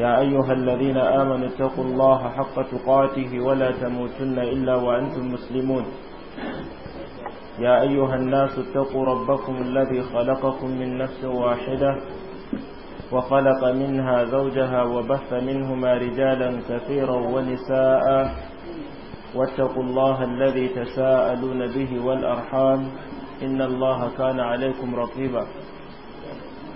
يا أيها الذين آمنوا اتقوا الله حق تقاته ولا تموتن إلا وأنتم مسلمون يا أيها الناس اتقوا ربكم الذي خلقكم من نفس واحدة وخلق منها زوجها وبث منهما رجالا كثيرا ونساء واتقوا الله الذي تساءلون به والأرحام إن الله كان عليكم رقيبا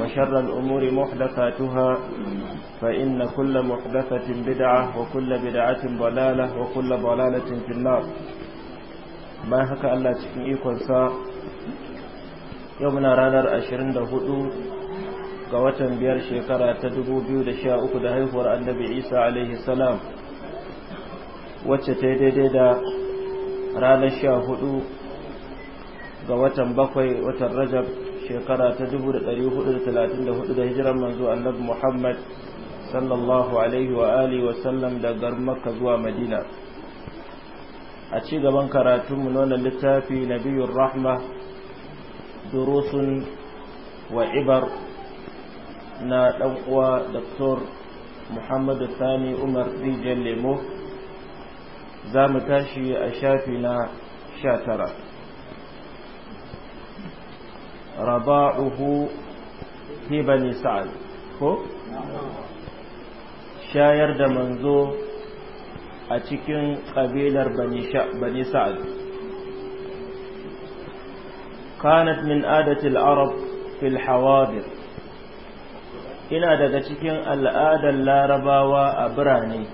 وشر الأمور محدثاتها فإن كل محدثة بدعة وكل بدعة ضلالة وكل ضلالة في النار ما هكا الله تكيئك ونساء يومنا رانر أشرين دهدو قوة بير شكرا تدبو بيو دشاء أكد هيفور النبي عيسى عليه السلام وتتدد رانا شاهدو قوة بقوي وترجب shekara ta dubu da hudu hudu da da da talatin hijiran manzo annabi Muhammad sallallahu alaihi wa alihi wa sallam daga Makka zuwa Madina a ci gaban karatunmu na wannan littafi Nabiyur Rahma durusun wa ibar na dan uwa Dr. Muhammad Sani Umar Rijal Lemo za mu tashi a shafi na sha tara. raba'uhu fi bani sa'ad ko shayar da manzo a cikin kabilar bani sa'ad kanat min adatil arab fil hawadir ina daga cikin al'adar larabawa a birane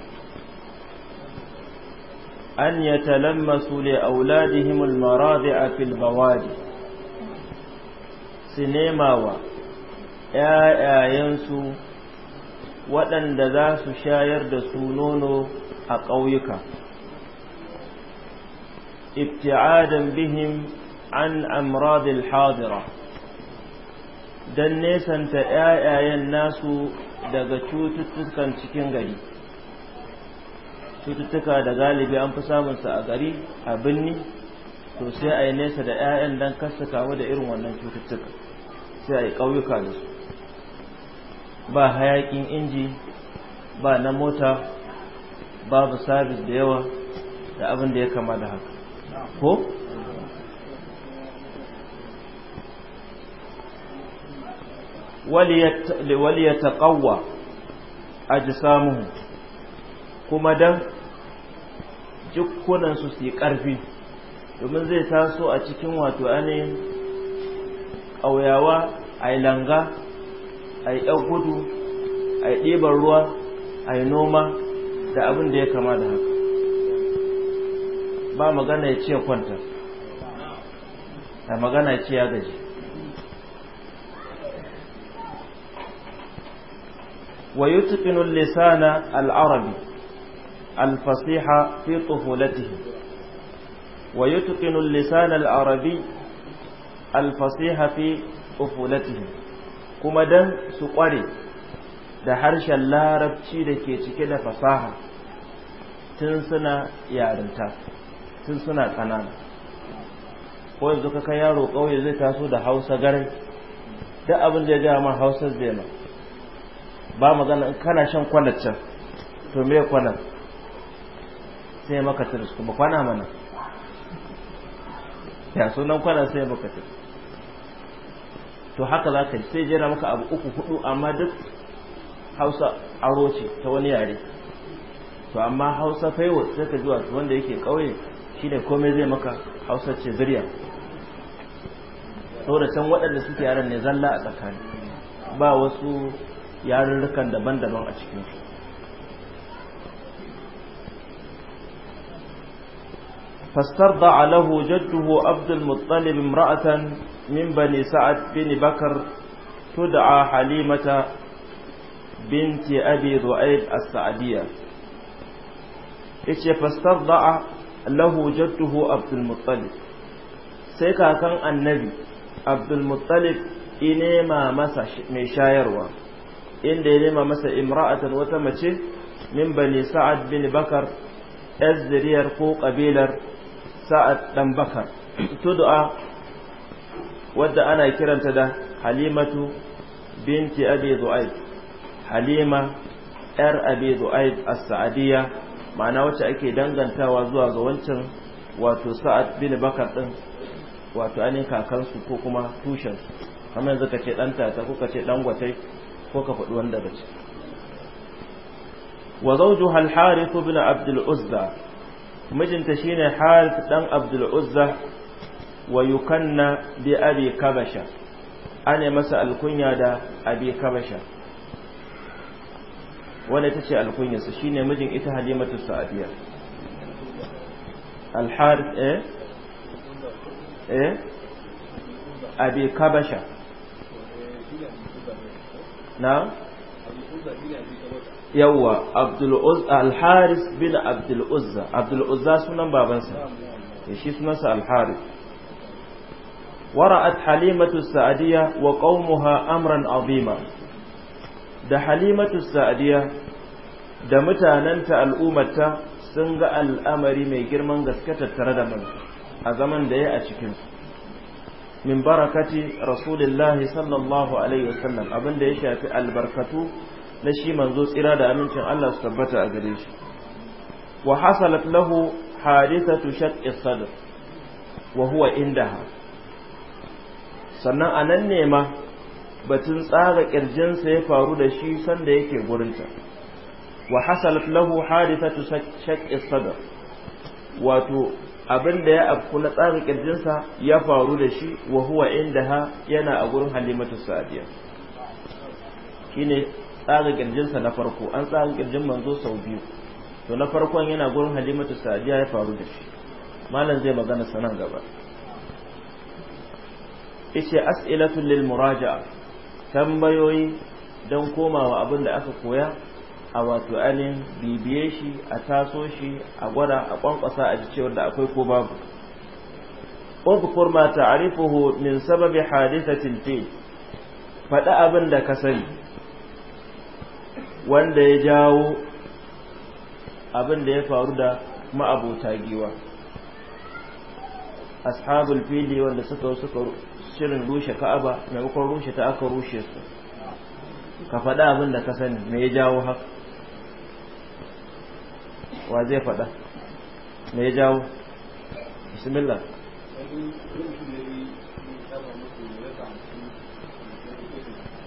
an yatalammasu li auladihim al maradi'a fil bawadi su nema wa ‘ya'yayensu waɗanda za su shayar da su nono a ƙauyuka ibti'adan bihim an amradil hadira don nesanta ‘ya'yayen nasu daga cututtukan cikin gari cututtuka da galibi an fi samunsa a gari a binni, sosai, sai a yi nesa da 'ya'yan don kasa kawo da irin wannan cututtukan. sai a yi ƙauyuka da su ba hayaƙin inji ba na mota babu sabis da yawa da abin da ya kama da haka ko? ya taƙawa a ji samun kuma don jikunansu su yi ƙarfi domin zai taso a cikin wato ainihin Auyawa, a yi langa a yi ɗan gudu a yi ɗiban ruwa a yi noma da abin da ya kama da haka ba magana ya ce kwanta da magana ya ce ya gaji wa yutqinu lisana al-arabi al-fasiha fi tuhulatihi wa yutqinu lisana al-arabi alfasiha fi ufulatihim kuma dan su kware da harshen larabci da ke cike da fasaha tun suna yarinta tun suna ƙanana ko yanzu ka kai yaro ƙauye zai taso da hausa garai duk abin da ya gaya ma hausa zai ma ba magana kana shan kwanaccen to me kwana sai maka tirsu kuma kwana mana ya sunan kwana sai maka tirsu to haka za ka sai jera maka abu uku hudu amma duk hausa aro ce ta wani yare to amma hausa faiwa sai ka zuwa wanda yake kauye shi ne komai zai maka hausa ce zuriya saboda can waɗanda suke yaren ne zalla a tsakani ba wasu yarurrukan daban-daban a cikin su فاسترضع له جده عبد المطلب امرأة من بني سعد بن بكر تدعى حليمة بنت أبي ذؤيب السعدية إيش فاسترضع له جده عبد المطلب سيكا كان النبي عبد المطلب إنما مسا مشايروا إن إنما مسا امرأة وتمشي من بني سعد بن بكر أزرير فوق قبيلر سعد بن بكر تدعى wadda ana kiranta da halimatu binti abi zu'aib halima yar abi zu'aib as-sa'diyya ma'ana wacce ake dangantawa zuwa ga wancan wato sa'ad bin bakar din wato ainihin kakansu ko kuma tushensu kamar yanzu ka ce ɗan ta ko ka ce ɗan gwatai ko ka faɗi wanda ba ce wa zawjuha hal harith ibn abdul uzza mijinta shine harith dan abdul uzza wa yukanna bi abi kabasha ana masa alkunya da abi kabasha wanda ta ce alkunyarsa shi ne mijin ita halimatu sa'adiyya alharif eh eh abi kabasha na yawwa alharis bin abdul'uzza abdul'uzza sunan babansa shi sunansa alharis ورأت حليمة wa وقومها Amran عظيما da halimatu sa'adiyya da mutanenta al'ummata sun ga al'amari mai girman gaske tattare da manzo a zaman da ya a cikin min barakati rasulillahi sallallahu alaihi wasallam abinda ya shafi albarkatu na shi manzo tsira da amincin Allah su tabbata a gare shi wa hasalat lahu hadithatu shaqqi sadr wa huwa indaha sannan a nan ne ma batun tsara ƙirjinsa ya faru da shi sanda yake gurinta wa hasalat lahu hadithatu shaqq sadr wato abin da ya afku na tsaga ƙirjinsa ya faru da shi wa huwa indaha yana a gurin halimatu sa'diya shine tsaga kirjinsa na farko an tsaga kirjin manzo sau biyu to na farkon yana gurin halimatu sa'diya ya faru da shi malam zai magana sanan gaba yace as'ilatul lil muraja'a tambayoyi don komawa abin da aka koya a wato ainihin bibiye shi a taso shi a gwada a kwankwasa a cewar da akwai ko babu اذكر ما تعرفه min sababi حادثة fi faɗi abin da ka sani wanda ya jawo abin da ya faru da ma'abota giwa ashabul fili wanda suka suka shirin rushe ka'aba na bukon rushe ta aka rushe su ka faɗa abin da ka sani me ya jawo haka wa zai faɗa me ya jawo bismillah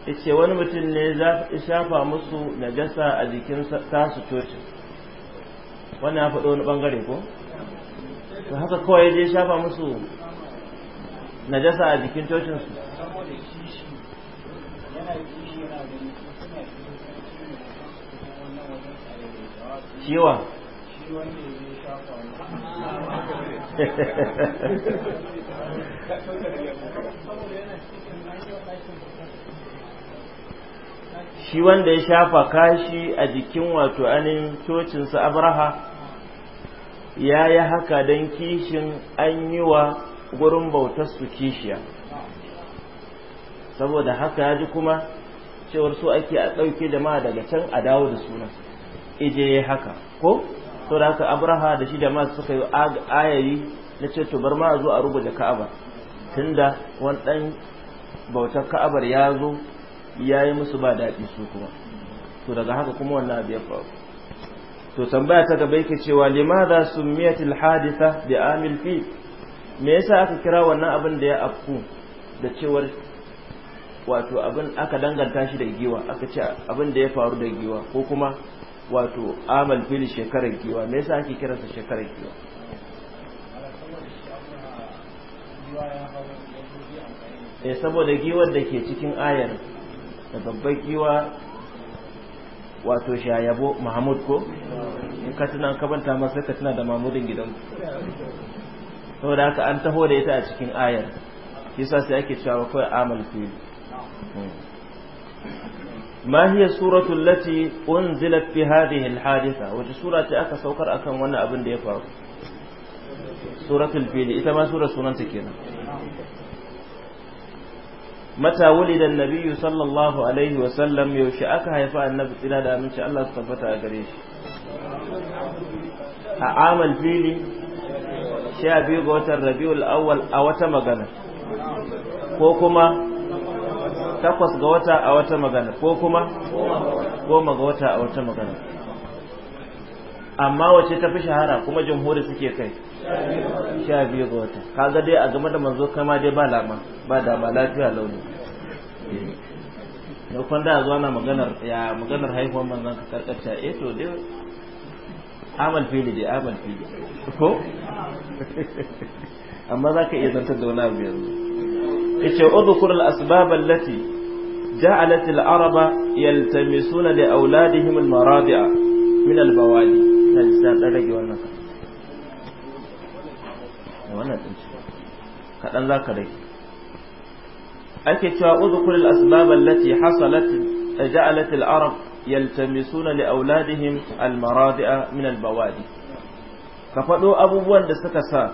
ice wani mutum ne za shafa musu najasa a jikin tasu cocin wani ya faɗo wani ɓangare ko haka kawai je shafa musu najasa a jikin cocin su ciwa shi wanda ya shafa kashi a jikin wato anin cocinsa abraha ya yi haka don kishin an yi wa gurin bautar su kishiya saboda haka ya ji kuma cewar su ake a ɗauke jama'a daga can a dawo da sunan ije haka ko to da haka abraha da shi da masu suka yi ayayi na ce to bar ma zo a rubuta ka'aba tunda wani ɗan bautar ka'abar ya zo ya yi musu ba daɗi su kuma to daga haka kuma wannan abu ya faru to tambaya ta gaba yake cewa limadha summiyatil hadisa bi amil fi me yasa aka kira wannan abin da ya afku da cewar wato abin aka danganta shi da giwa aka ce abin da ya faru da giwa ko kuma wato amal fil shekarar giwa me yasa ake kiransa shekarar giwa eh saboda giwar da ke cikin ayar da babbar giwa wato shayabo mahamud ko in ka tuna ka masa ka tuna da mahmudin gidanku saboda haka an taho da ita a cikin ayar yasa sai ake cewa wa kawai amal fil ma suratu allati unzilat fi hadhihi alhaditha wa sura ta aka saukar akan wannan abin da ya faru suratu ita ma sura sunan take nan mata wulida nabiyu sallallahu alaihi wa sallam yaushe aka haifa annabi tsira da aminci Allah ya tabbata a gare shi a amal fili sha biyu ga watan rabiul awwal a wata magana ko kuma takwas ga wata a wata magana ko kuma goma ga wata a wata magana amma wace ta fi shahara kuma jamhuri suke kai sha biyu ga wata kaga dai a game da manzo kama dai ba lama ba da ba lafiya launi da da zuwa na maganar ya maganar haihuwar manzon ka karkace eh to dai amal fili bai amal fili ko amma za ka iya zantar da wani abu yanzu ya ce udukur al'asbab allati ja'alat al'araba yaltamisuna li auladihim al-maradi'a min al-bawali na lissa dan rage wannan ka wannan din ci kadan za ka rage ake cewa udukur al'asbab allati hasalat ja'alat al'arab yaltamisuna li auladihim almaradi'a min albawadi ka faɗo abubuwan da suka sa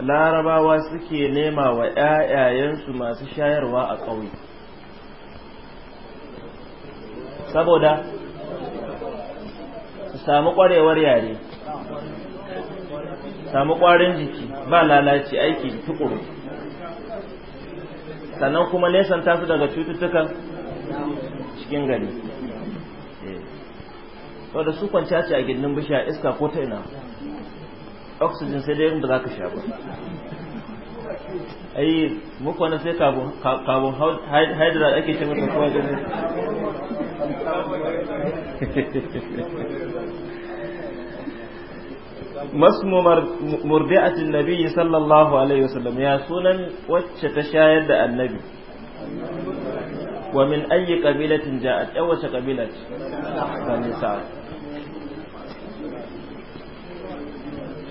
larabawa suke nema wa ƴaƴayensu masu shayarwa a ƙauye saboda su samu ƙwarewar yare samu ƙwarin jiki ba lalaci aiki tukuru sannan kuma nesanta su daga cututtukan cikin gari wadda su kwanciya ce a gindin bishiya iska ko ta ina oxygen sai dai da za ka sha ba Ayi muku wani sai carbon hydrate ake ce mutum kowa gani masmu murdi'atin nabiyyi sallallahu alaihi wasallam ya sunan wacce ta shayar da annabi wa min ayyi qabilatin ja'at aw wace qabila ce sa'ad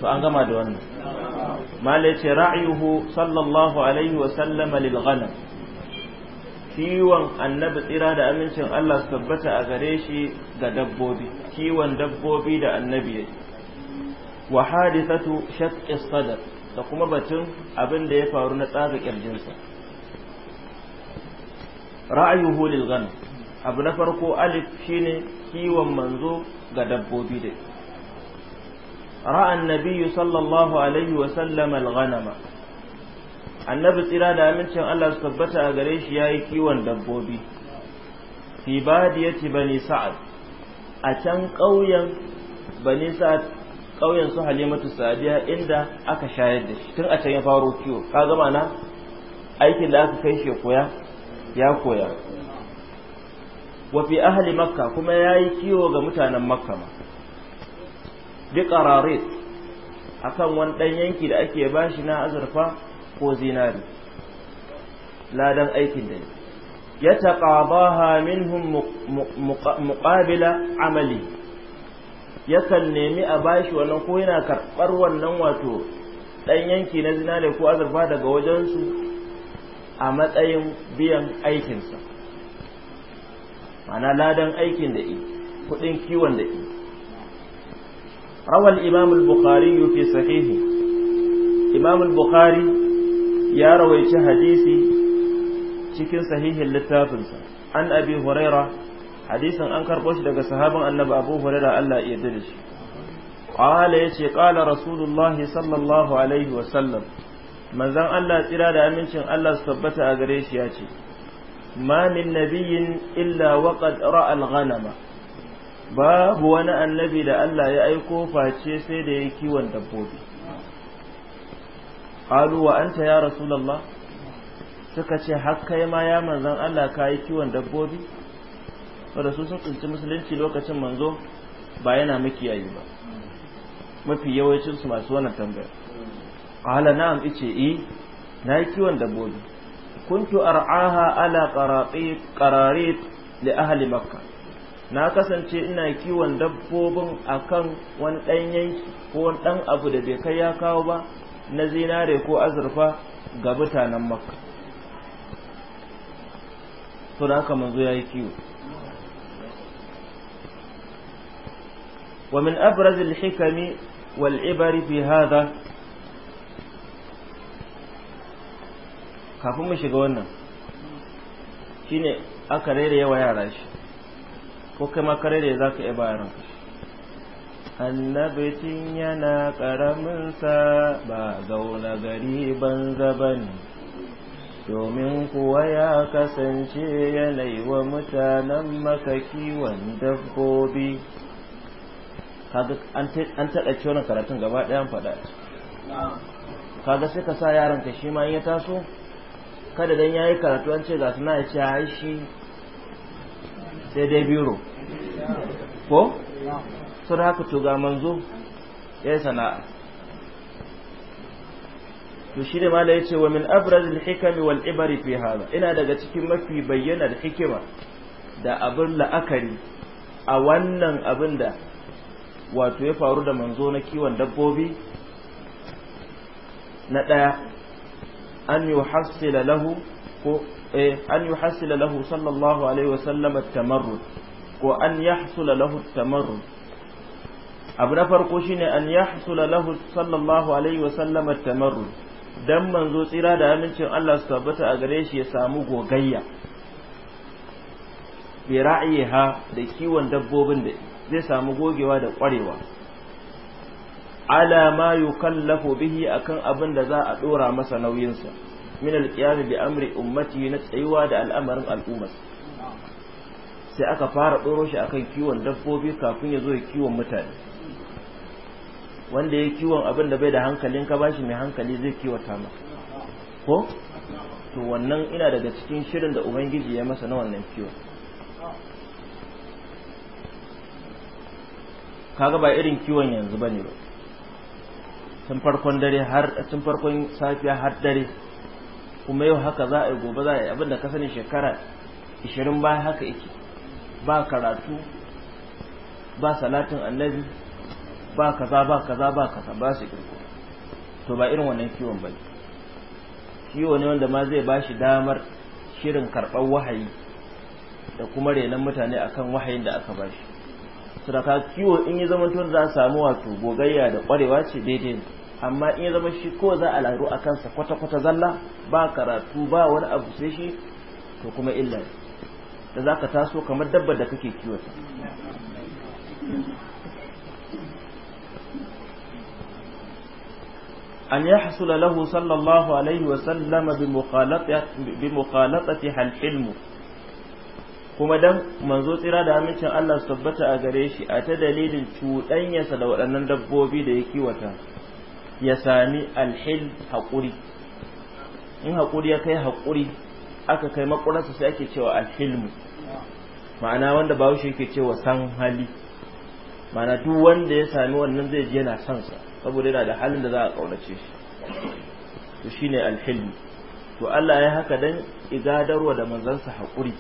to an gama da wannan malai ce ra'ayuhu sallallahu alaihi wa sallama lil ghanam kiwon annabi tsira da amincin Allah su tabbata a gare shi ga dabbobi kiwon dabbobi da annabi ya wa hadithatu shaqqi sadr da kuma batun abin da ya faru na tsaga kirjinsa ra'ayuhu lil abu na farko alif shine kiwon manzo ga dabbobi dai. ra'a annabi sallallahu alaihi wa sallam annabi tsira da amincin Allah su tabbata a gare shi yayi kiwon dabbobi fi badiyati bani sa'ad a can ƙauyen bani sa'ad ƙauyen su halimatu sadiya inda aka shayar da shi tun a can ya faru kiwo ka gama na aikin da aka kai shi ya koya wafi ahali ahli makka kuma yayi kiwo ga mutanen makka ma a akan wani dan yanki da ake bashi na azurfa ko zinari ladan aikin da ya taqabaha minhum muqabila amali yakan nemi a bashi wannan ko yana karɓar wannan wato ɗan yanki na zinari ko azurfa daga wajensu a matsayin biyan aikinsa mana ladan aikin da yi, kudin kiwon da yi. روى الإمام البخاري في صحيحه إمام البخاري يا رويت حديثي cikin sahihin littafinsa an abi huraira hadisin an karbo shi daga sahaban annabi abu huraira Allah ya yarda shi qala yace qala rasulullahi sallallahu alaihi wa sallam manzon Allah tsira da amincin Allah su tabbata a gare shi yace ma min nabiyyin illa waqad ra'a al-ghanama babu wani annabi da Allah ya aiko face sai da ya kiwon dabbobi qalu wa anta ya rasulullah suka ce har kai ma ya manzon Allah ka yi kiwon dabbobi wanda su sun tsinci musulunci lokacin manzo ba yana makiyayi ba mafi yawancin su masu wannan tambaya qala na'am ice i eh, na yi kiwon dabbobi kuntu ar'aha ala qararit qararit li ahli makkah na kasance ina kiwon dabbobin akan wani ɗan yanki ko wani ɗan abu da bai kai ya kawo ba na zinare ko azurfa ga mutanen makka to da haka manzo ya yi kiwo ومن أبرز الحكم والعبر في هذا kafin mu shiga wannan shine aka rere yawa yara shi ko kai ma da za ka iya bayaran annabicin yana karaminsa ba zauna gari banza ba ne domin kuwa ya kasance yanayi wa mutanen makaki wanda dabbobi kaga an taɗa wannan karatun gaba ɗayan faɗa kaga sai ka sa yaranka shi ma in ya taso kada dan yi karatu an ce ga suna ya ce ai shi sai dai biro ko sun haka to manzo ya yi sana'a to shi da mala ya ce wa min abraz hikami wal ibari fi hada ina daga cikin mafi bayyanar hikima da abin la'akari a wannan abin da wato ya faru da manzo na kiwon dabbobi na ɗaya an yi lahu ko an eh, yi an yuhassila lahu sallallahu alaihi wa sallama tamarrud ko an yahsula lahu at abu na farko shine an yahsula lahu sallallahu alaihi wasallam at-tamarrud dan manzo tsira da amincin Allah su tabbata a gare shi ya samu gogayya bi ra'iha da kiwon dabbobin da zai samu gogewa da kwarewa ala ma yukallafu bihi akan abin da za a dora masa nauyin sa. min alqiyam bi amri ummati na tsayuwa da al'amarin al'ummar sai aka fara doro shi akan kiwon dabbobi kafin ya zo ya kiwon mutane wanda ya kiwon abin da bai da hankalin ka bashi mai hankali zai kiwata ma ko to wannan ina daga cikin shirin da ubangiji ya masa na wannan kiwon kaga ba irin kiwon yanzu bane ba tun farkon dare har tun farkon safiya har dare kuma yau haka za a yi gobe za a yi abinda ka sani shekara 20 baya haka yake ba karatu ba salatin annabi ba kaza ba kaza ba kaza ba su kirko to ba irin wannan kiwon ba kiwo ne wanda ma zai ba shi damar shirin karɓar wahayi da kuma renon mutane akan wahayin da aka ba shi sadaka kiwo in yi zama tun za a samu wato gogayya da ƙwarewa ce daidai dai. amma in ya zama shi ko za a laru a kansa kwata-kwata zalla ba karatu ba wani abu sai shi to kuma illa da za ka taso kamar dabbar da kake kiwata an ya hasula lahu sallallahu alaihi wasallama bi mukhalatati halhilmu kuma dan manzo tsira da amincin Allah su tabbata a gare shi a ta dalilin cuɗanyarsa da waɗannan dabbobi da ya kiwata ya sami alhil haƙuri in haƙuri ya kai haƙuri aka kai makwararsa sai ake cewa alhilmu ma'ana wanda bahaushe yake cewa san hali ma'ana duk wanda ya sami wannan zai ji yana son sa saboda yana da halin da za a ƙaunace shi to shine alhilmu to Allah ya haka dan igadarwa da manzansa haƙuri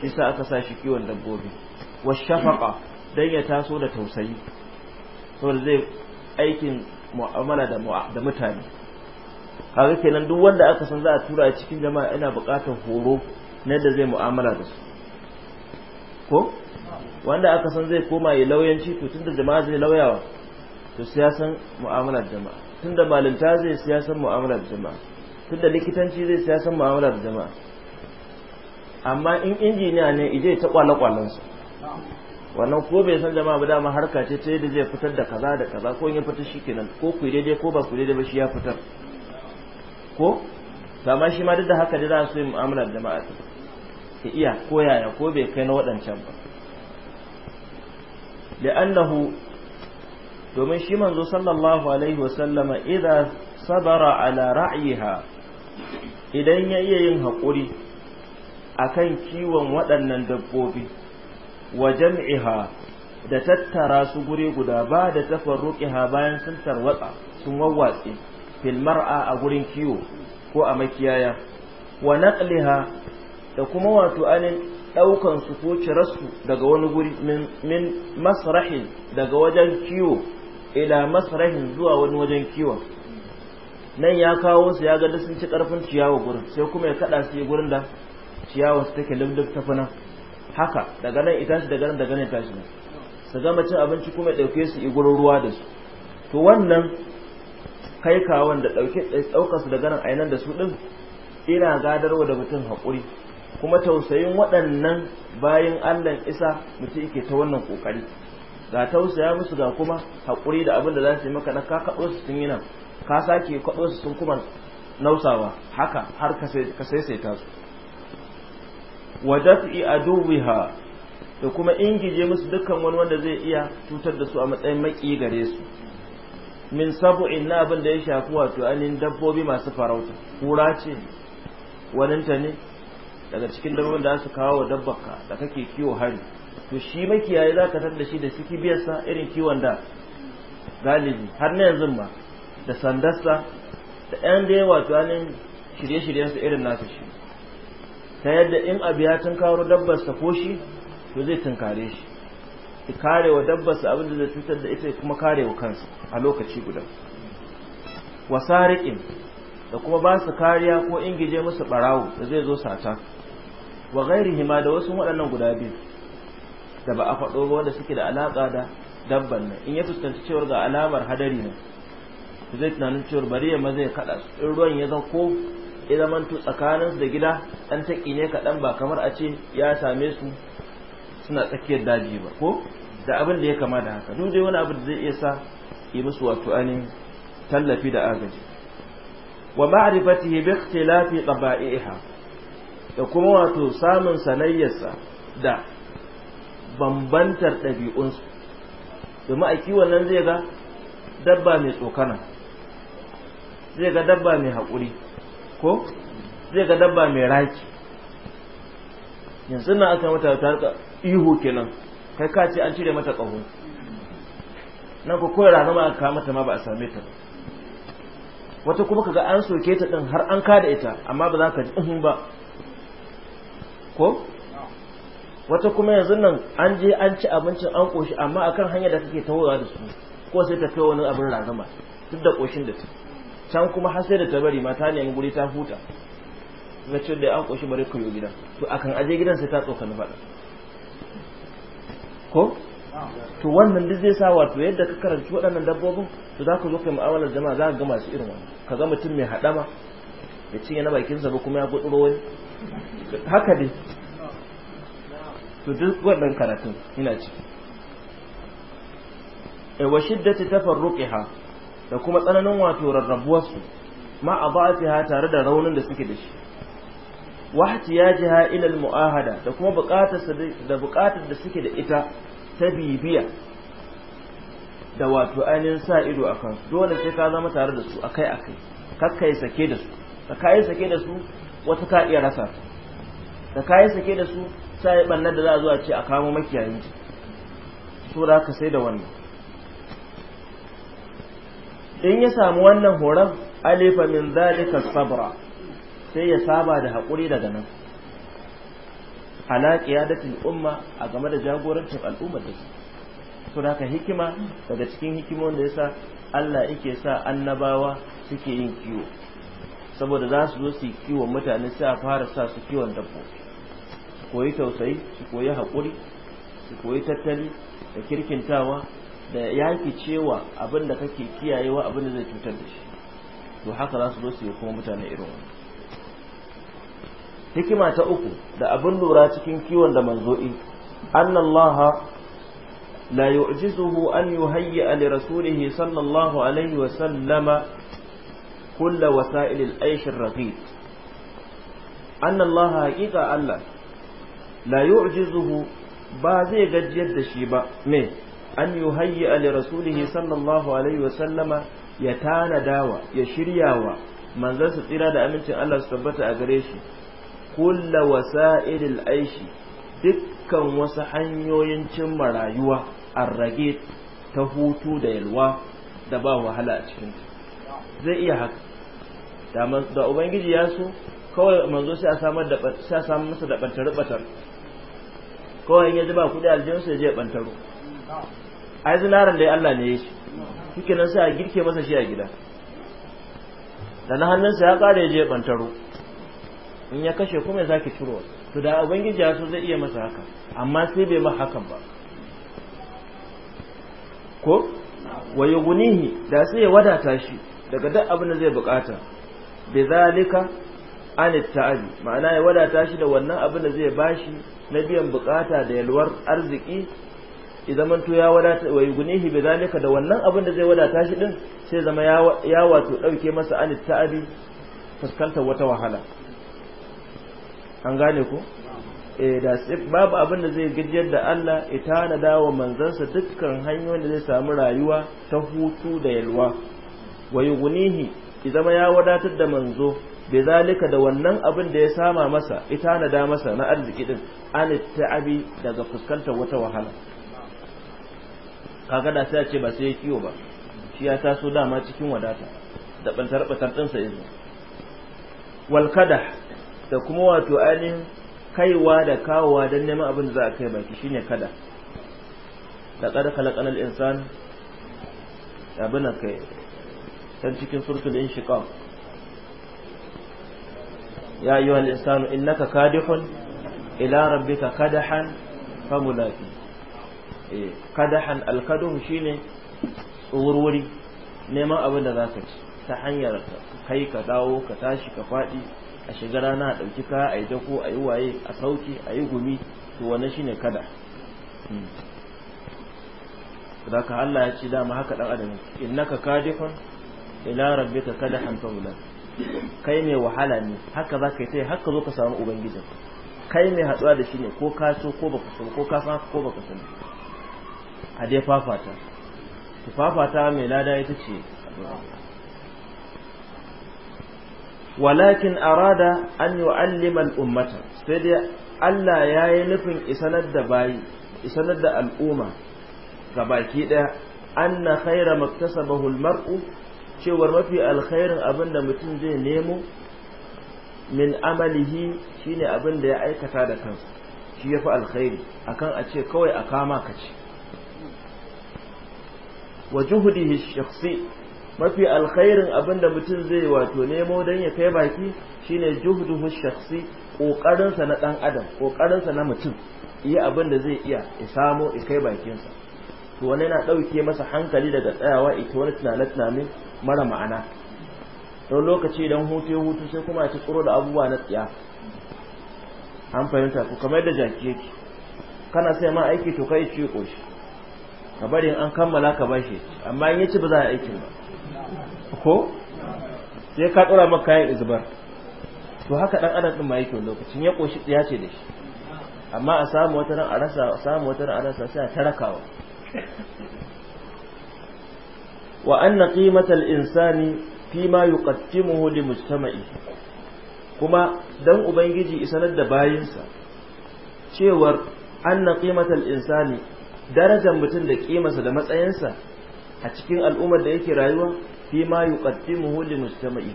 shi aka sa shi kiwon dabbobi wa shafaqa dan ya taso da tausayi saboda zai aikin mu'amala da mutane kaga kenan duk wanda aka san za a tura a cikin jama'a ina buƙatar horo na yadda zai mu'amala da su ko wanda aka san zai koma ya lauyanci to tunda jama'a zai lauyawa to siyasan mu'amalar jama'a tunda malinta zai siyasan mu'amalar jama'a tunda likitanci zai siyasan mu'amalar jama'a amma in injiniya ne ije ta kwale-kwalensu wannan ko bai san jama'a ba dama harka ce ta yadda zai fitar da kaza da kaza ko in ya fitar shikenan ko ku daidai ko ba ku daidai ba shi ya fitar ko amma shi ma duk da haka dai za su yi mu'amalar jama'a ta iya ko yaya ko bai kai na waɗancan ba li'annahu domin shi manzo sallallahu alaihi wa sallama idan sabara ala ra'yiha idan ya iya yin haƙuri akan kiwon waɗannan dabbobi wa jam'iha da tattara su guri guda ba da tafarruqiha bayan sun tarwatsa sun wawwatsi fil mar'a a gurin kiwo ko a makiyaya wa naqliha da kuma wato anin daukan su ko cirasu daga wani guri min masrahin daga wajen kiwo ila masrahin zuwa wani wajen kiwon nan ya kawo su ya ga sun ci karfin ciyawa gurin sai kuma ya kada su gurin da ciyawa su take lulluf ta haka daga nan ita shi daga nan daga nan tashi ne su gama cin abinci kuma ya dauke su igurin ruwa da su to wannan kai kawon da dauke dauka su daga nan nan da su din ina gadarwa da mutum haƙuri kuma tausayin waɗannan bayan Allah isa mutum yake ta wannan kokari ga tausaya musu ga kuma haƙuri da abin da za su yi maka na ka kaɗo su sun yi nan ka sake kaɗo su sun kuma nausawa haka har ka sai sai ta su wa daf'i aduwiha da kuma ingije musu dukkan wani wanda zai iya cutar da su a matsayin maki gare su min sab'in na abin da ya shafi wato anin dabbobi masu farauta kura ce waninta ne daga cikin dabbobin da su kawo wa dabbarka da kake kiwo hari to shi makiyayi za ka tar da shi da siki biyarsa irin kiwon da galibi har na yanzu ba da sandarsa da 'yan da ya wato anin shirye-shiryensa irin nasu shi ta yadda in abu ya tunkaro dabbarsa ko shi to zai tunkare shi ki kare wa dabbarsa abin da zai cutar da ita kuma kare wa kansa a lokaci guda wasariƙin da kuma ba su kariya ko ingije musu barawo da zai zo sata wa gairi ma da wasu waɗannan guda biyu da ba a faɗo ba wanda suke da alaƙa da dabban nan in ya fuskanci cewar ga alamar hadari ne zai tunanin cewar bari ya maza ya kaɗa in ruwan ya zan ko ya tsakaninsu da gida ɗan taƙi ne kaɗan ba kamar a ce ya same su suna tsakiyar daji ba ko da abin da ya kama da haka duk dai wani abu da zai iya sa yi musu wato anin tallafi da agaji wa ma'rifatihi bi ikhtilafi qaba'iha da kuma wato samun sanayyarsa da bambantar ɗabi'unsu domin a kiwon nan zai ga dabba mai tsokana zai ga dabba mai haƙuri ko zai ga dabba mai raki yanzu na aka mata ta rika ihu kenan kai ka ce an cire mata ƙaho nan ko koyar rana ma aka mata ma ba a same ta wata kuma kaga an soke ta din har an da ita amma ba za ka ji ba ko wata kuma yanzu nan an je an ci abincin an koshi amma akan hanyar da kake tawowa da su ko sai ta kai wani abin ragama duk da koshin da ta can kuma har sai da ta bari mata ne guri ta huta na ce da an koshi bari koyo gidan to akan aje gidan sai ta tsokan faɗa ko to wannan duk zai sa wato yadda ka karanci waɗannan dabbobin to za ka zo kai mu'amalar jama'a za ka ga masu irin wani ka ga mutum mai haɗama ya cinye na bakinsa ba kuma ya gudu wani haka dai to duk waɗannan karatun ina ci eh, wa shiddati tafarruqiha da kuma tsananin wato rarrabuwarsu ma a ba'atiha tare da raunin da suke da shi wa jiha ila mu'ahada, da kuma buƙatar da suke da ita ta bibiya da wato ainihin sa ido a kansu dole sai ka zama tare da su akai akai kakka sake da su da ka sake da su wata ka iya rasa da ka sake da su sai bannar da za a zo a ce a kamo makiyayin su da ka sai da wannan in ya samu wannan horon alifa min zalika sabra sai ya saba da haƙuri daga nan ala qiyadatil umma a game da jagorancin al'umma da su to haka hikima daga cikin hikimon da yasa Allah yake sa annabawa suke yin kiwo saboda za su zo su yi kiwon mutane sai a fara sa su kiwon dabbobi koyi tausayi su koyi haƙuri su koyi tattali da kirkintawa da yaki cewa abin da kake kiyayewa abin da zai cutar da shi to haka za su zo su yi kuma mutane irin wani hikima ta uku da abin lura cikin kiwon da manzo'i annallaha la yu'jizuhu an yuhayyi li rasulih sallallahu alaihi wa sallama kulla wasa'il al-aish ar-raqib annallaha haqiqa Allah la yu'jizuhu ba zai gajiyar da shi ba me an yi hayyi a rasulihi sallallahu alaihi wasallama ya tanadawa ya shiryawa su tsira da amincin Allah su tabbata a gare shi kulla wasa'ilil aishi dukkan wasu hanyoyin cimma rayuwa rage ta hutu da yalwa da ba wahala a cikin zai iya haka da ubangiji ya so kawai manzo sai a samar da sai a samu masa da bantar batar kawai ya ji ba kudi aljinsu ya je bantaro ai zinaran ya Allah ne ya shi shike nan sai a girke masa shi a gida da na hannunsa ya kare je bantaro in ya kashe kuma ya zaki ciro to da ubangiji ya so zai iya masa haka amma sai bai ma hakan ba ko wa yughnihi da sai ya wadata shi daga duk abin da zai bukata bi zalika an ta'abi ma'ana ya wadata shi da wannan abin da zai bashi na biyan bukata da yalwar arziki idan to ya wadata wa yugunihi bi zalika da wannan abin da zai wadata shi din sai zama ya wato dauke masa an ta'abi fuskantar wata wahala an gane ko eh da babu abin da zai gajiyar da Allah ya tanada wa manzansa dukkan hanyoyin da zai samu rayuwa ta hutu da yalwa wa yugunihi zama ya wadatar da manzo bi zalika da wannan abin da ya sama masa ita na da masa na arziki din an ta'abi daga fuskantar wata wahala kaga da sai ya ce ba sai ya kiwo ba shi ya taso dama cikin wadata da bantar bantar din sa yanzu wal kada da kuma wato ainihin kaiwa da kawowa don neman abin da za a kai baki shine kada da kada kalakan al-insan abuna kai dan cikin surtul inshiqaq ya ayyuhal insanu innaka kadihun ila rabbika kadahan famulaqi kadahan alkadahu shine wurwuri neman abin da za ka ci ta hanyar kai ka dawo ka tashi ka faɗi a shiga rana a ɗauki ka a yi dako a yi waye a sauke a yi gumi to wannan shine kada da ka Allah ya ci dama haka ɗan adam innaka kadifan ila rabbika kadahan fawlan kai ne wahala ne haka za ka yi ta haka zo ka samu ubangijin kai ne hatsuwa da shi ne ko ka so ko baka so ko ka san ko baka san a dai fafata ta fafata mai lada ita ce walakin arada an yu'allima al-ummata sai dai Allah ya yi nufin isanar da al'umma ga baki daya anna khayra maktasabahu al-mar'u cewar mafi alkhairin abin da mutum zai nemo min amalihi shine abin da ya aikata da kansa shi ya fi alkhairi akan a ce kawai a kama ka ce wa juhudihi shakhsi mafi alkhairin abin da mutum zai wato nemo don ya kai baki shine juhduhu shakhsi sa na dan adam sa na mutum iya abin da zai iya ya samo ya kai bakinsa to wani yana dauke masa hankali daga tsayawa ita wani tunanin tunanin mara ma'ana don lokaci don hutu hutu sai kuma ci tsoro da abubuwa na tsiya an fahimta ku kamar da jaki yake kana sai ma aiki to kai ciwo koshi ka bari an kammala ka shi amma in yace ba za a aikin ba ko sai ka tsura maka kayan izbar to haka dan adam din ma yake lokacin ya koshi ya ce da shi amma a samu wata ran a rasa samu wata ran a rasa sai a tarakawa wa anna qimatal insani fima yuqaddimuhu li mujtama'i kuma dan ubangiji isanar da bayinsa cewar anna qimatal insani darajar mutum da kimarsa da matsayinsa a cikin al'ummar da yake rayuwa fi ma yuqaddimuhu li mujtama'i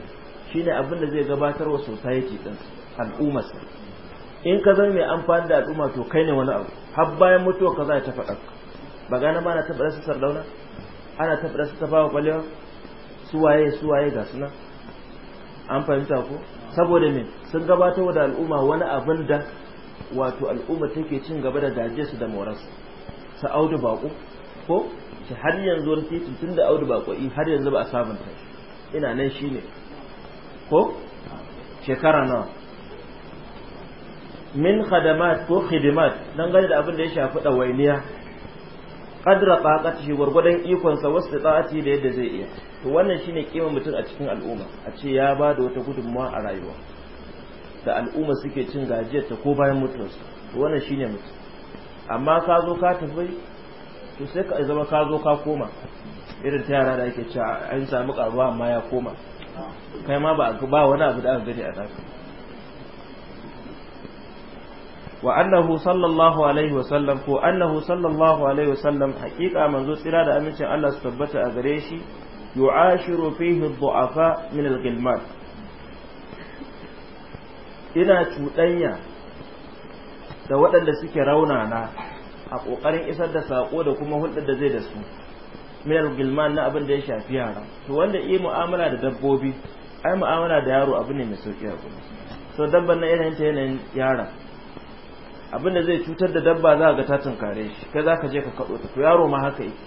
shine abin da zai gabatar wa society din al'ummarsa in ka zama mai amfani da al'umma to kai ne wani abu har bayan mutuwa ka za ta faɗa ba gane ba na taɓa rasa sardauna ana taɓa rasa bawa kwalewa suwaye suwaye ga suna an fahimta ko saboda me sun gabatar da al'umma wani abin da wato al'umma take cin gaba da gaje su da morarsu su audu bako ko ta har yanzu wani titi tun da audu bako har yanzu ba a sabunta ta ina nan shi ne ko shekara nawa min khadamat ko khidimat dan gani da abin da ya shafi dawainiya qadra taqatihi gurgudan ikon sa wasu ta'ati da yadda zai iya to wannan shine kima mutum a cikin al'umma a ce ya ba da wata gudunmawa a rayuwa da al'umma suke cin gajiyar ta ko bayan mutuwarsa to wannan shine mutum amma ka zo ka tafi to sai ka zama ka zo ka koma irin ta yara da ake cewa an samu karuwa amma ya koma kai ma ba wani abu da aka gani a daga wa annahu sallallahu alaihi wa sallam ko annahu sallallahu alaihi wa sallam haqiqa manzo tsira da amincin Allah su tabbata a gare shi yu'ashiru fihi ad-du'afa min al-ghilman ina cudanya. da waɗanda suke raunana a ƙoƙarin isar da saƙo da kuma hulɗar da zai da su minar gilman na abin da ya shafi yara to wanda iya mu'amala da dabbobi ai mu'amala da yaro abu ne mai sauƙi a kuma so dabban na yanayin ta yanayin yara abin da zai cutar da dabba za ga ta tunkare shi kai za ka je ka kaɗo ta to yaro ma haka yake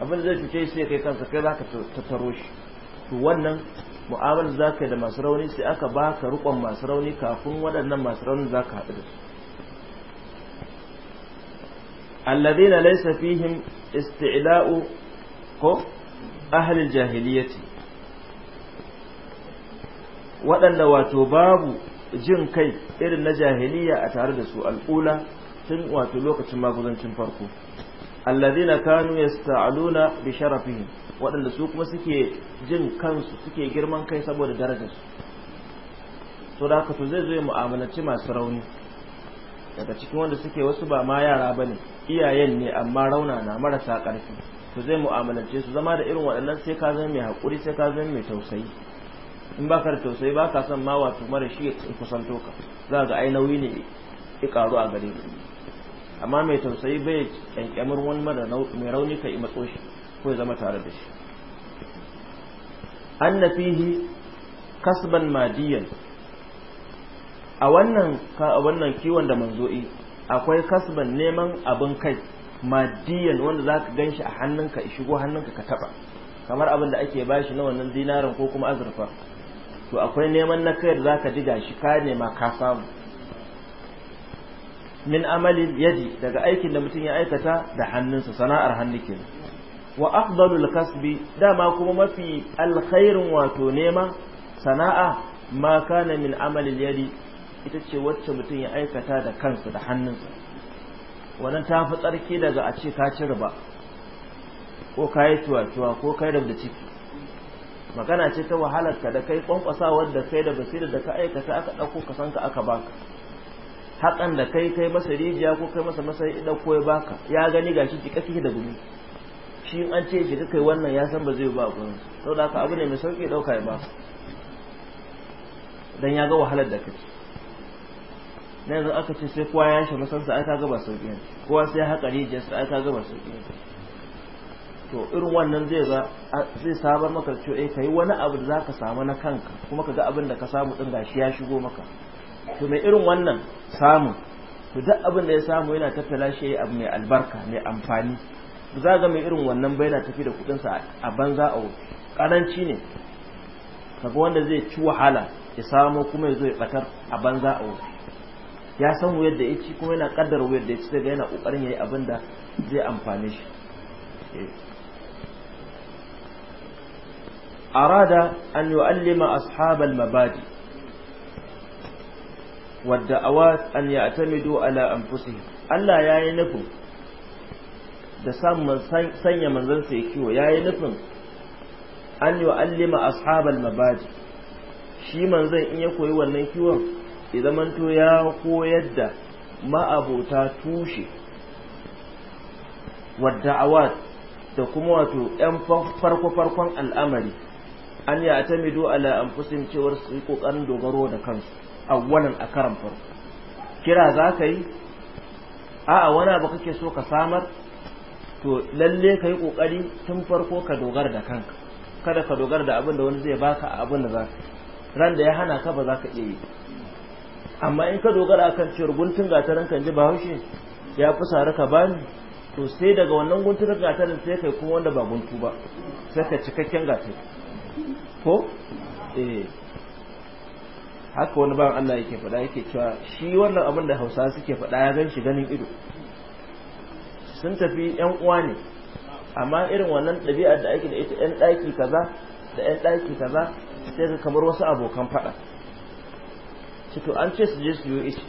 abin da zai cuce shi sai kai kansa kai za ka tattaro shi to wannan mu'amala za ka yi da masu rauni sai aka baka rukon masu rauni kafin waɗannan masu rauni za ka haɗu da su alladhina laysa fihim isti'la'u ko ahlul waɗanda wato babu jin kai irin na jahiliya a tare da su al'ula tun wato lokacin maguzancin farko alladhina kanu yasta'luna bi sharafihim waɗanda su kuma suke jin kansu suke girman kai saboda darajar su da zai zo ya mu'amalanci masu rauni daga cikin wanda suke wasu ba ma yara ba ne iyayen ne amma rauna na marasa ƙarfi to zai mu'amalance su zama da irin waɗannan sai ka zama mai haƙuri sai ka zama mai tausayi in baka da tausayi ba ka son ma wato mara shi ya kusanto ka za ga ai nauyi ne ya ƙaru a gare amma mai tausayi bai ƙyanƙyamar wani mara mai rauni ka yi matso shi ko ya zama tare da shi an fihi kasban madiyan a wannan wannan kiwon da manzo'i akwai kasban neman abin kai madiyan wanda za ka shi a hannunka shigo hannunka ka taɓa kamar abin da ake bashi na wannan dinarin ko kuma azurfa to akwai neman na kai da za ka diga shi ka nema ka samu min amalin yadi daga aikin da mutum ya aikata da hannunsa sana'ar hannu ke wa afdalul kasbi dama kuma mafi alkhairin wato nema sana'a ma kana min amalin yadi ita ce wacce mutum ya aikata da kansa da hannunsa wannan ta fi tsarki daga a ce ka ci riba ko ka yi tuwa-tuwa ko kai da ciki magana ce ta wahalar ka da kai kwankwasa wadda kai da basirar da ka aikata aka ɗauko ka san ka aka baka hakan da kai kai masa rijiya ko kai masa masa ɗauko ya baka ya gani ga ki kake da gumi shi an ce shi kai wannan ya san ba zai ba gumi saboda haka abu ne mai sauƙi ɗauka ya ba dan ya ga wahalar da kake na yanzu aka ce sai kowa ya shi masan ai kaga gaba sauƙi ne kowa sai ya haƙa rijiyarsa ai kaga gaba sauƙi ne to irin wannan zai za zai sabar maka cewa eh kai wani abu da zaka samu na kanka kuma kaga abin da ka samu din gashi ya shigo maka to mai irin wannan samu to duk abin da ya samu yana tattala shi abu mai albarka mai amfani za ga mai irin wannan bai na tafi da sa a banza a karanci ne kaga wanda zai ci wahala ya samu kuma ya zo ya batar a banza a wuce ya san wuyar da ya ci kuma yana kaddar wuyar da ya ci daga yana kokarin yayi abin da zai amfane shi eh. arada an yu'allima ashabal mabadi wadda awat an ya'tamidu ala anfusihim Allah yayi nufin da samun sanya manzon sai kiwo yayi nufin an yu'allima ashabal mabadi shi manzon in ya koyi wannan kiwon to ya koyar da ma'abota tushe wadda awad da kuma wato ‘yan farko-farkon al'amari an yi a tamido ala an fusin cewar su yi ƙoƙarin dogaro da kansu a wannan, a karan farko kira za ka yi a wani abu kake so ka samar to lalle ka yi ƙoƙari tun farko ka dogara da kanka kada ka dogara da abin da wani zai baka a abin da za ka ran da ya hana ka ba za ka iya yi amma in ka dogara akan cewar guntun gatarin kan ji bahaushe ya fi sare ka bani to sai daga wannan guntun gatarin sai kai kuma wanda ba guntu ba sai ka cikakken gata ko eh haka wani ban Allah yake faɗa yake cewa shi wannan abin da Hausa suke faɗa ya gan shi ganin ido sun tafi yan uwa ne amma irin wannan ɗabi'ar da ake da ita yan ɗaki kaza da yan ɗaki kaza sai ka kamar wasu abokan faɗa su to an ce su je su yi ice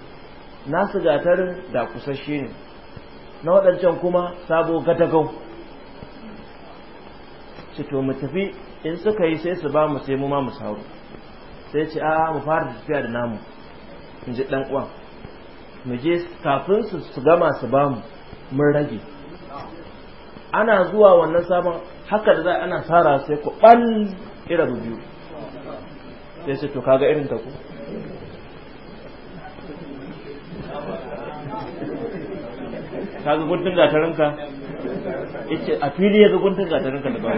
nasu gatarin da kusashe ne na waɗancan kuma sabo gatagau su to mu tafi in suka yi sai su ba mu sai mu ma mu sauro sai ce a mu fara tafiya da namu in ji ɗan uwan mu je kafin su su gama su ba mu mun rage ana zuwa wannan sabon haka da za ana sara sai ku ɓal irin biyu sai su to kaga irin ta ku ka ga guntun ka. yace a fili ya ga guntun ka da ba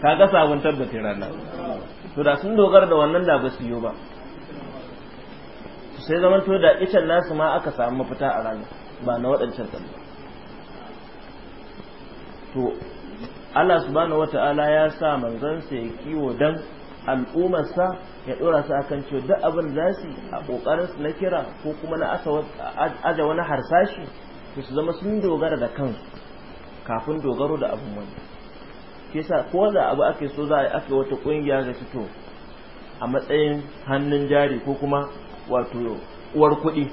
ka ga sabuntar da tirana to da sun dogara da wannan da ba su yi ba sai zaman to da icen nasu ma aka samu mafita a ranar ba na waɗancan ba to Allah subhanahu wata'ala ya sa manzansa ya kiwo dan al'ummarsa ya dora su akan cewa duk abin da su a kokarin su na kira ko kuma na aja wani harsashi to su zama sun dogara da kansu kafin dogaro da abin wani ke sa ko da abu ake so za a yi aka wata kungiya ga fito a matsayin hannun jari ko kuma wato uwar kuɗi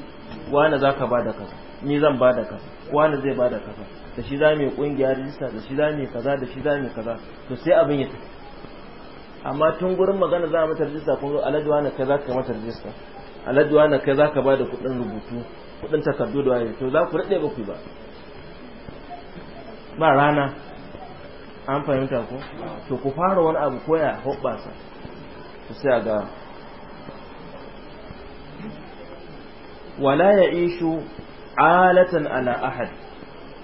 wani za ka ba da kasa ni zan ba da kasa wani zai ba da kasa da shi za mu yi kungiya rijista da shi za mu yi kaza da shi za mu yi kaza to sai abin ya tafi amma tun gurin magana za a mata rijista kun zo aladuwa na kai za ka mata rijista aladuwa wani kai za ka ba da kuɗin rubutu kuɗin takardu da waye to za ku rade ba ku ba ba rana an fahimta ko to ku fara wani abu koya hoɓɓasa ku sai ga wala ya ishu alatan ala ahad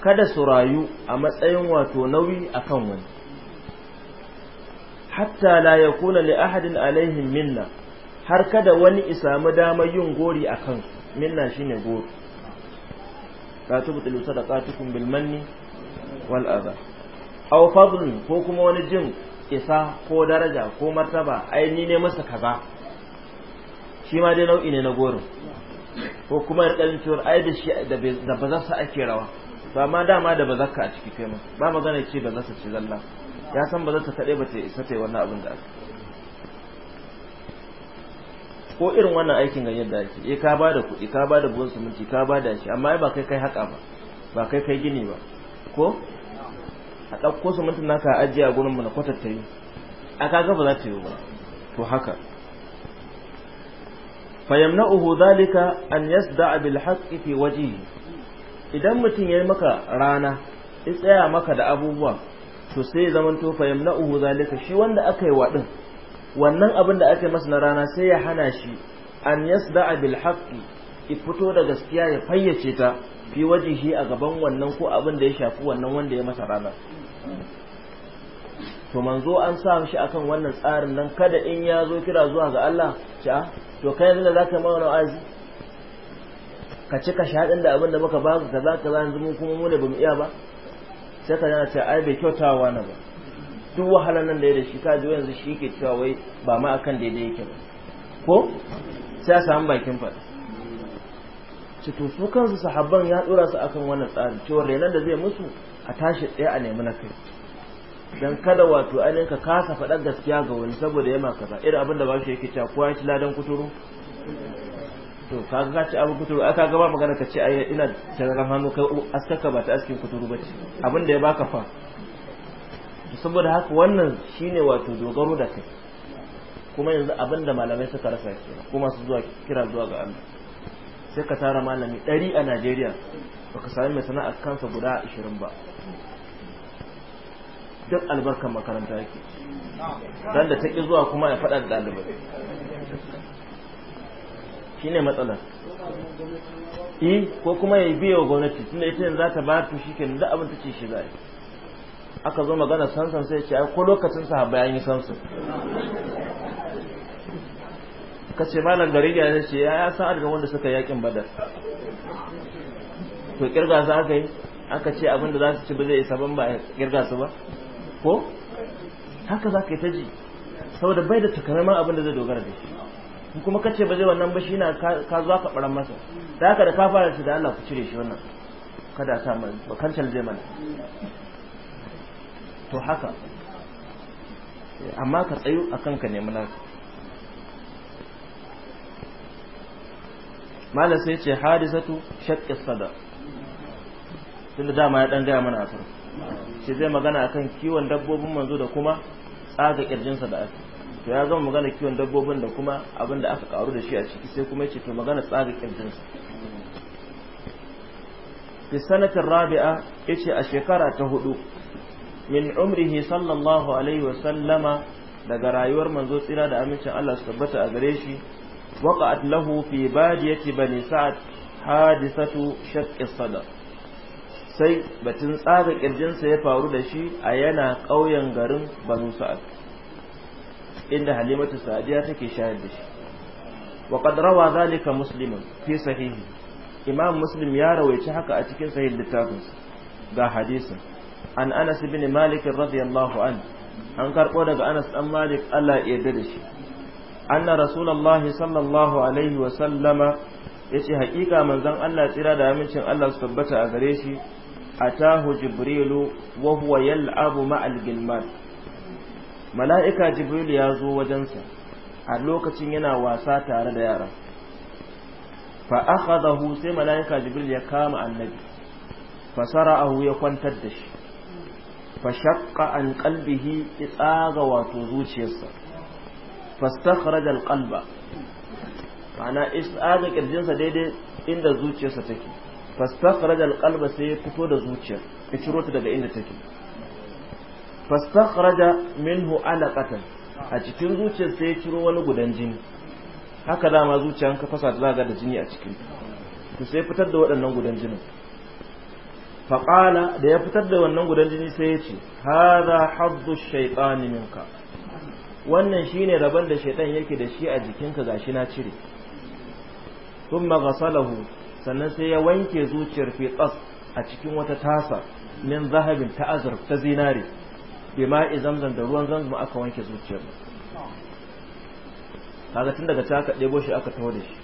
kada su rayu a matsayin wato nauyi akan wani hatta la yakuna li ahadin alaihim minna har kada wani isamu damar yin gori a kansu minna shine gori la tubtilu sadaqatukum bil manni wal adha aw fadl ko kuma wani jin isa ko daraja ko martaba ai ni ne masa kaza shi ma dai nau'i ne na gorin ko kuma rikalin ciwon ai da shi da bazarsa ake rawa ba ma dama da bazarka a ciki kai ma ba magana ce bazarsa ce zalla ya san ba za ta kaɗai ba ta isa ta yi wannan abin da aka ko irin wannan aikin ga yadda ake eh ka ba da kuɗi ka ba da buwan siminti ka ba da shi amma ba kai kai haƙa ba ba kai kai gini ba ko a ɗauko simintin naka a ajiye a gurin mu na kwatar ta yi a kaga ba za ta yi ba to haka fayamna'uhu zalika an yasda'a bil haqqi fi wajhihi idan mutum yayi maka rana ya tsaya maka da abubuwa to sai zaman to fa yamna'uhu zalika shi wanda aka yi waɗin. wannan abin da aka yi masa na rana sai ya hana shi an da bil haqqi ki fito da gaskiya ya fayyace ta fi wajihi a gaban wannan ko abin da ya shafi wannan wanda ya masa rana to manzo an sa shi akan wannan tsarin nan kada in ya zo kira zuwa ga Allah ta ah, to kai yanzu da zaka yi mana azi ka cika da abin da muka ba baka ka za yanzu mun kuma mu da bamu iya ba sai yana cewa ai bai kyauta wa na ba duk wahalar nan da ya da shi ka ji yanzu shi ke cewa wai ba ma akan daidai yake ba ko sai a samu bakin faɗi ci to su kansu sahabban ya dora su akan wannan tsari cewa renan da zai musu a tashi ɗaya a nemi na kai dan kada wato ainihin ka kasa faɗar gaskiya ga wani saboda ya maka irin abin da ba shi yake cewa kowa ya ci ladan kuturu to kaga ka ci abin kuturu aka gaba magana ka ce ai ina tararran hannu kai askaka ba ta askin kuturu ba ce abin da ya baka fa saboda haka wannan shine wato dogaro da kai kuma yanzu abin da malamai suka rasa ke kuma su zuwa kira zuwa ga Allah sai ka tara malami ɗari a Najeriya baka sami mai sana'ar kansa guda ashirin ba duk albarkar makaranta yake dan da ta ki zuwa kuma ya faɗa da ɗalibai ne matsalar yi eh, ko kuma ya biya wa gwamnati tunda ita yanzu za ta ba shi shikenan da abin ta ce shi za aka zo magana sansan sai ce ai ko lokacin sa bayan yi sansan ka ce malam gari ya ce ya san adadin wanda suka yakin badar to kirga su aka yi aka ce abin da za su ci ba zai isa ban ba kirga su ba ko haka za ka yi ta ji saboda bai da takamaiman da zai dogara da shi kuma kace ba zai wannan ba shi na ka zuwa ka baran masa da haka da ka fara shi da Allah ku cire shi wannan kada sa mai ba kancal zai mana to haka amma ka tsayu akan ka nemi naka mala sai ce hadisatu shakki sada da dama ya dan gaya mana a farko shi zai magana akan kiwon dabbobin manzo da kuma tsaga kirjinsa da ake to ya zama magana kiwon dabbobin da kuma abin da aka karu da shi a ciki sai kuma ya ce to magana tsaga kirjin sa fi sanatin rabi'a ce a shekara ta hudu min umrihi sallallahu alaihi wa sallama daga rayuwar manzo tsira da amincin Allah su tabbata a gare shi waqa'at lahu fi badiyati bani sa'ad hadisatu shaqqi sadr sai batun tsaga ƙirjinsa ya faru da shi a yana ƙauyen garin banu sa'ad inda halimatu sa'diya take shayar da shi wa qad rawa zalika muslim fi sahihi imam muslim ya rawaici haka a cikin sahih littafin ga hadisin an anas ibn malik radiyallahu anhu an karbo daga anas dan malik Allah ya yarda da shi anna rasulullahi sallallahu alaihi wa sallama yace hakika manzon Allah tsira da amincin Allah su tabbata a gare shi atahu jibrilu wa huwa yal'abu ma'al mala'ika jibril ya zo wajensa a lokacin yana wasa tare da yara fa akhadahu sai mala'ika jibril ya kama annabi fa sara'ahu ya kwantar da shi fa shakka an ya tsaga wato zuciyarsa fastakhraja alqalba ma'ana tsaga kirjinsa daidai inda zuciyarsa take fastakhraja alqalba sai ya fito da zuciyar ya ciro ta daga inda take fastakhraja minhu alaqatan a cikin zuciyar sai ya ciro wani gudan jini haka dama zuciyar ka fasa ta ga da jini a cikin to sai fitar da waɗannan gudan jinin faqala da ya fitar da wannan gudan jini sai ya ce hadha haddu shaytani minka wannan shine rabon da shaytan yake da shi a jikinka gashi na cire thumma ghasalahu sannan sai ya wanke zuciyar fi a cikin wata tasa min zahabin ta azur ta zinari. bima'i zamzam da ruwan zamzam aka wanke zuciyar kaga tun daga taka ɗebo shi aka taho da shi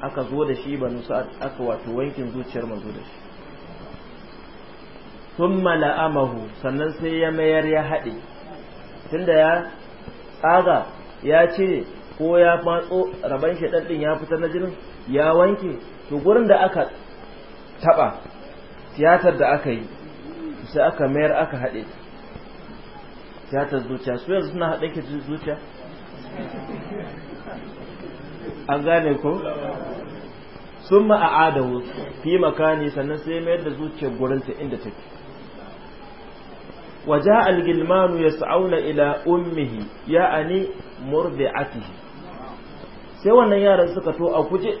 aka zo da shi banu sa aka wato wankin zuciyar manzo da shi thumma amahu sannan sai ya mayar ya haɗe tunda ya tsaga ya ce ko ya matso raban shi ɗanɗin ya fitar na jinin ya wanke to gurin da aka taɓa tiyatar da aka yi sai aka mayar aka haɗe tiyatar zuciya su yanzu suna haɗe ke zuciya an gane ko sun ma'adahu fi makani sannan sai mayar da zuciyar gurinta inda take waje algilmanu ya sa'auna ila ummihi ya'ani murdi'atihi sai wannan yaran suka to a kuje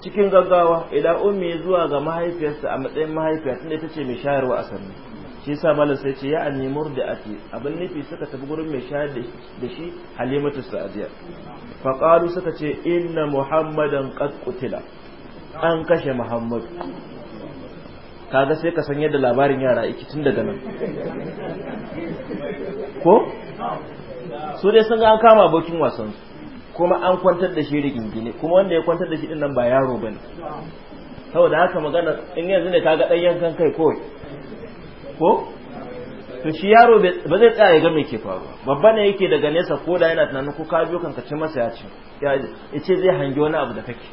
cikin gaggawa ila ummi zuwa ga mahaifiyarsa a matsayin mahaifiya tunda ita ce mai shayarwa a sannan shi yasa malam sai ce ya a da ake abin nufi suka tafi gurin mai shayar da shi halimatu sa'diya fa suka ce inna muhammadan qad qutila an kashe muhammad kaga sai ka san yadda labarin yara yake tun daga nan ko su dai sun ga an kama abokin wasan su kuma an kwantar da shi rigingine kuma wanda ya kwantar da shi din nan ba yaro bane saboda haka magana in yanzu ne kaga dan yankan kai kawai ko to shi yaro ba zai tsaya ya ga me ke faruwa babba ne yake daga nesa ko da yana tunanin ko ka biyo kanka ci masa ya ce ya ce zai hangi wani abu da kake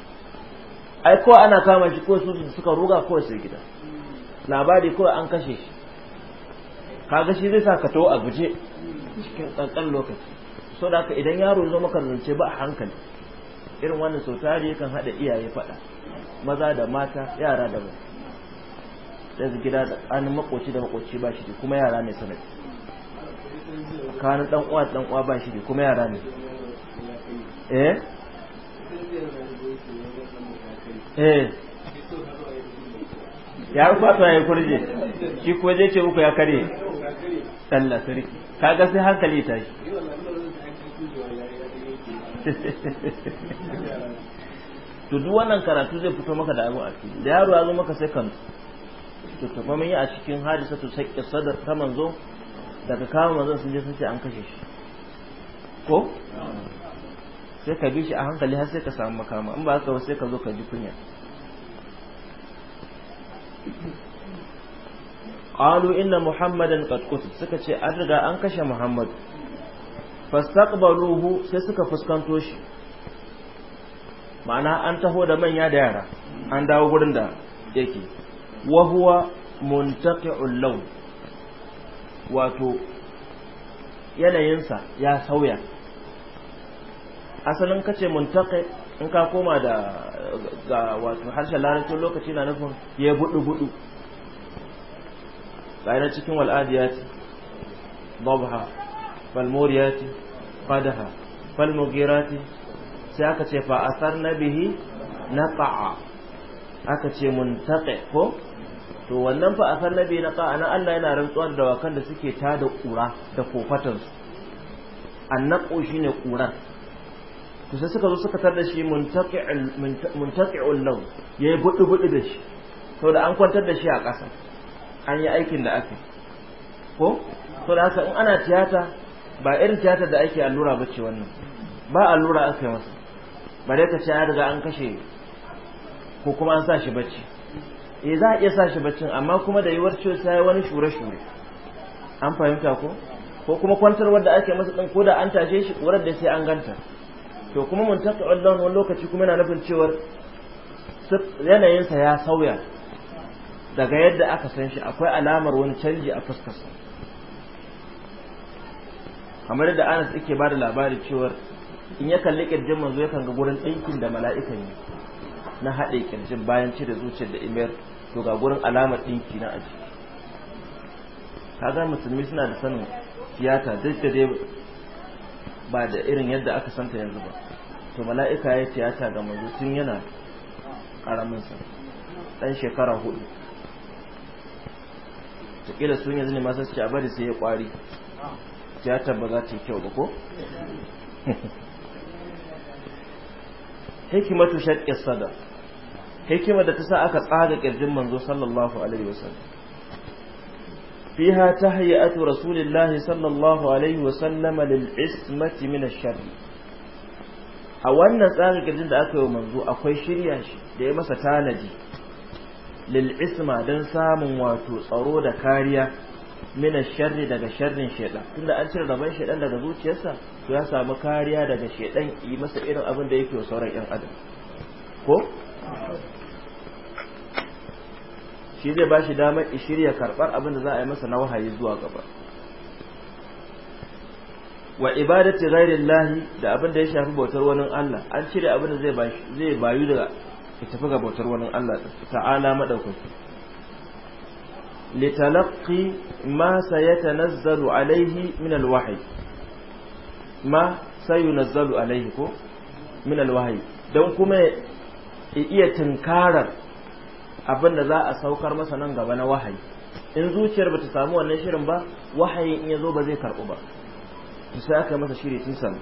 ai ko ana kama shi ko su suka ruga ko sai gida labari ko an kashe shi kaga shi zai sa ka a guje cikin kankan lokaci so da haka idan yaro zo maka zance ba a hankali irin wannan sautari kan haɗa iyaye faɗa. maza da mata yara da mata sai su gida an makoci da makoci ba shi kuma yara ne sanadi kanin dan uwa dan uwa ba shi kuma yara ne eh eh ya rufa ta yi kurje shi ko je ce uku ya kare sallah sarki kaga sai hankali ta shi to duk wannan karatu zai fito maka da abu a da yaro ya zo maka sai kansu to to yi a cikin hadisatu sai kissa ta manzo daga kama manzon sun je sun ce an kashe shi ko sai ka bi shi a hankali har sai ka samu makama in ba haka ba sai ka zo ka ji kunya qalu inna muhammadan qad qutil suka ce an riga an kashe muhammad fastaqbaluhu sai suka fuskanto shi ma'ana an taho da manya da yara an dawo gurin da yake wa huwa muntaqi'ul lawn wato yanayinsa ya sauya asalin kace muntaqi in ka koma da ga wato harshen larabcin lokaci na nufin ya gudu gudu bayan cikin wal'adiyat babha falmuriyat qadaha mugirat sai aka ce fa asarna bihi naqa aka ce muntaqi ko to wannan fa asar nabi na ka anan Allah yana rantsuwa da dawakan da suke da kura da kofatan su annaqo shine kurar to sai suka zo suka tar da shi muntaqi'ul muntaqi'ul law yayi budu budu da shi da an kwantar da shi a ƙasa an yi aikin da ake ko to da in ana tiyata ba irin tiyata da ake allura bace wannan ba allura aka yi masa bare dai ka ce an riga an kashe ko kuma an sa shi bacci E, za a iya sa shi baccin amma kuma da yiwuwar sa sai wani shure shure an fahimta ko ko kuma kwantarwar da ake masa din ko da an tashe shi kurar da sai an ganta to kuma mun muntaqa'ul lawn wani lokaci kuma yana nufin cewar yanayinsa ya sauya daga yadda aka san shi akwai alamar wani canji a fuskarsa kamar da Anas yake da labari cewar in ya kalli kirjin manzo yakan ga gurin ɗinkin da mala'ikan yi na haɗe kirjin bayan cire zuciyar da imar to ga gurin alamar ɗinki na aji kaga musulmi suna da sanin tiyata duk da dai ba da irin yadda aka santa yanzu ba to mala'ika ya tiyata ga manzo tun yana karamin sa dan shekara hudu ta kila sun yanzu ne masu ce a bari sai ya kwari tiyatar ba za ta yi kyau ba ko hikimatu shaqqis sadaq Hikimar da ta sa aka tsaga kirjin manzo sallallahu alaihi wasallam fiha tahiyatu rasulillahi sallallahu alaihi wasallam lil ismati min ash a wannan tsaga kirjin da aka yi manzo akwai shirya shi da ya masa tanadi lil don samun wato tsaro da kariya min ash daga sharrin shedan tunda an cire rabon shedan daga zuciyarsa to ya samu kariya daga shedan yi masa irin abin da yake wa sauran yan adam ko shi zai ba shi damar shirya karɓar abinda za a yi masa na wahayi zuwa gaba wa ibadati lahi da abinda ya shafi bautar wani Allah an cire abin da zai bayu da ya tafi ga bautar wani Allah ta'ala madaukaki litalaqi ma sayatanazzalu alayhi min alwahyi ma sayunazzalu alayhi ko min alwahyi don kuma iya tunkarar abin da za a saukar masa nan gaba na wahayi in zuciyar bata samu wannan shirin ba wahayin in ya zo ba zai karɓu ba to sai aka masa shiri tun sami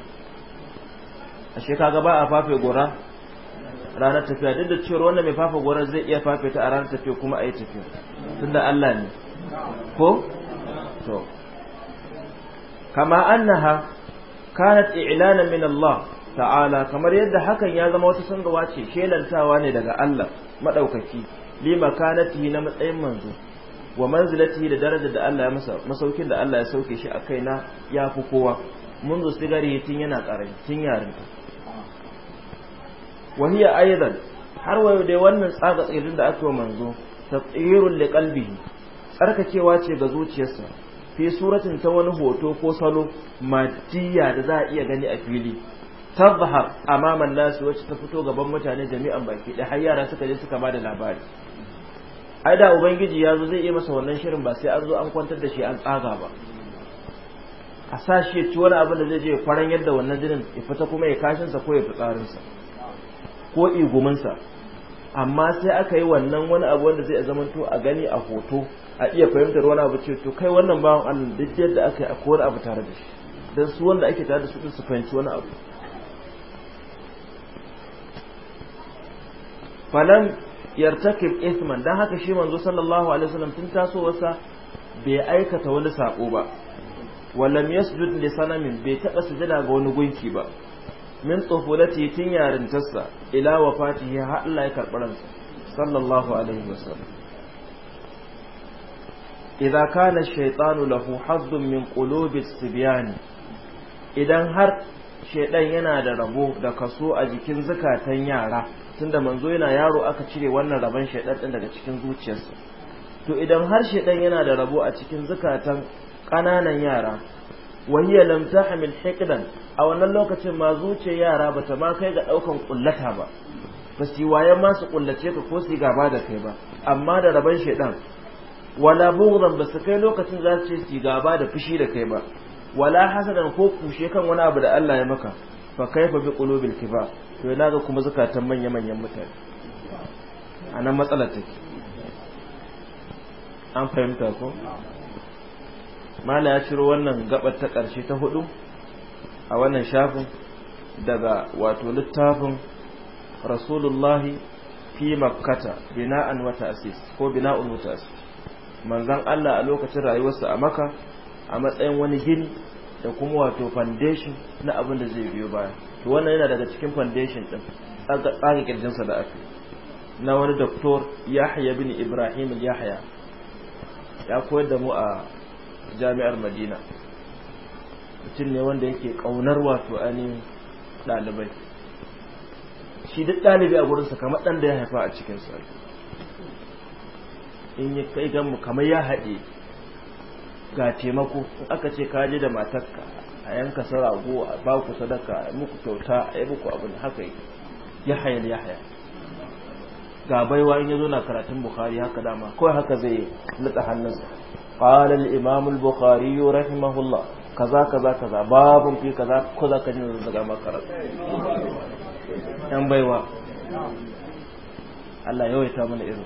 a shekara gaba a fafe gora ranar tafiya duk da cewar wanda mai fafe gora zai iya fafe ta a ranar tafiya kuma a yi tafiya tunda Allah ne ko to kama annaha kanat i'lanan min Allah ta'ala kamar yadda hakan ya zama wata sangawa ce shelantawa ne daga Allah madaukaki li makanatihi na matsayin manzo wa manzilati da darajar da Allah ya masa masaukin da Allah ya sauke shi a kaina ya fi kowa منذ sigari tun yana karami tun yarinta wahiya aidan har wayo dai wannan tsaga tsirin da wa manzo tatsirul liqalbihi tsarkakewa ce ga zuciyarsa fi suratin ta wani hoto ko salo madiya da za a iya gani a fili tazhar amaman nasu wacce ta fito gaban mutane jami'an baki da har yara suka je suka bada labari ai da ubangiji ya zo zai yi masa wannan shirin ba sai an zo an kwantar da shi an tsaga ba a sa ya ci wani abin da zai je kwaran yadda wannan jinin ya fita kuma ya kashinsa ko ya fitsarinsa ko iguminsa amma sai aka yi wannan wani abu wanda zai zama to a gani a hoto a iya fahimtar wani abu ce to kai wannan bawan Allah duk yadda aka yi a wani abu tare da shi dan su wanda ake tare da su su fahimci wani abu falam yartakib ithman dan haka shi manzo sallallahu alaihi wasallam tun tasowarsa bai aikata wani sako ba walam yasjud li sanamin bai taba sujada ga wani gunki ba min tufulati tun yarintarsa ila wafatihi har Allah ya karɓi ransa sallallahu alaihi wasallam idan kana ash lahu hazzun min qulubi idan har shedan yana da rabo da kaso a jikin zukatan yara tunda manzo yana yaro aka cire wannan rabon shedan din daga cikin zuciyarsa to idan har shedan yana da rabo a cikin zukatan ƙananan yara wahiya lam tahmil hiqdan a wannan lokacin ma zuciyar yara bata ma kai ga daukan kullata ba ba su waye ma su kullace ka ko su gaba da kai ba amma da rabon shedan wala bughdan ba su kai lokacin za su ce su gaba da fushi da kai ba wala hasadan ko kushe kan wani abu da Allah ya maka fa kaifa bi qulubil kibar to yana ga kuma zakatan manya manyan mutane anan matsalar take an fahimta ko mala ya ciro wannan gabar ta karshe ta hudu a wannan shafin daga wato littafin rasulullahi fi makkata bina'an wa ta'sis ko bina'un wa ta'sis manzon Allah a lokacin rayuwarsa a makka a matsayin wani gini da kuma wato foundation na abin da zai biyo baya to wannan yana daga cikin foundation din tsaga kirjinsa da aka na wani doktor yahya bin ibrahim yahya ya koyar da mu a jami'ar madina mutum ne wanda yake kaunar wato ainihin ɗalibai shi duk ɗalibi a gurinsa kamar ɗan da ya haifa a cikinsa in ya kai ganmu kamar ya haɗe ga taimako aka ce ka je da matarka a yanka sarago a ba ku sadaka a muku kyauta a yi muku abin haka yi ya haya ya haya ga baiwa in yazo na karatun bukhari haka dama kawai haka zai nutsa hannunsa qala al imam al bukhari rahimahullah kaza kaza kaza babun fi kaza ko za ka ji daga makaranta yan baiwa Allah ya ta mana irin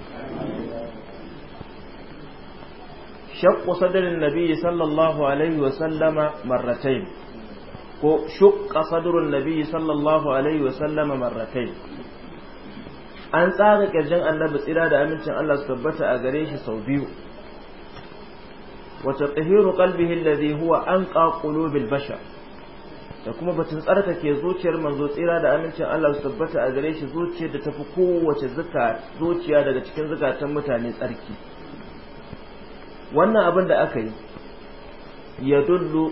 شق صدر النبي صلى الله عليه وسلم مرتين شق صدر النبي صلى الله عليه وسلم مرتين an tsara ƙirjin annabi tsira da amincin Allah su tabbata a gare shi sau biyu wata tsahiru qalbihi allazi huwa anqa qulubil bashar da kuma batun tsarkake zuciyar manzo tsira da amincin Allah su tabbata a gare shi zuciyar da tafi kowace zuciya daga cikin zukatan mutane tsarki wannan abin da aka yi ya dullu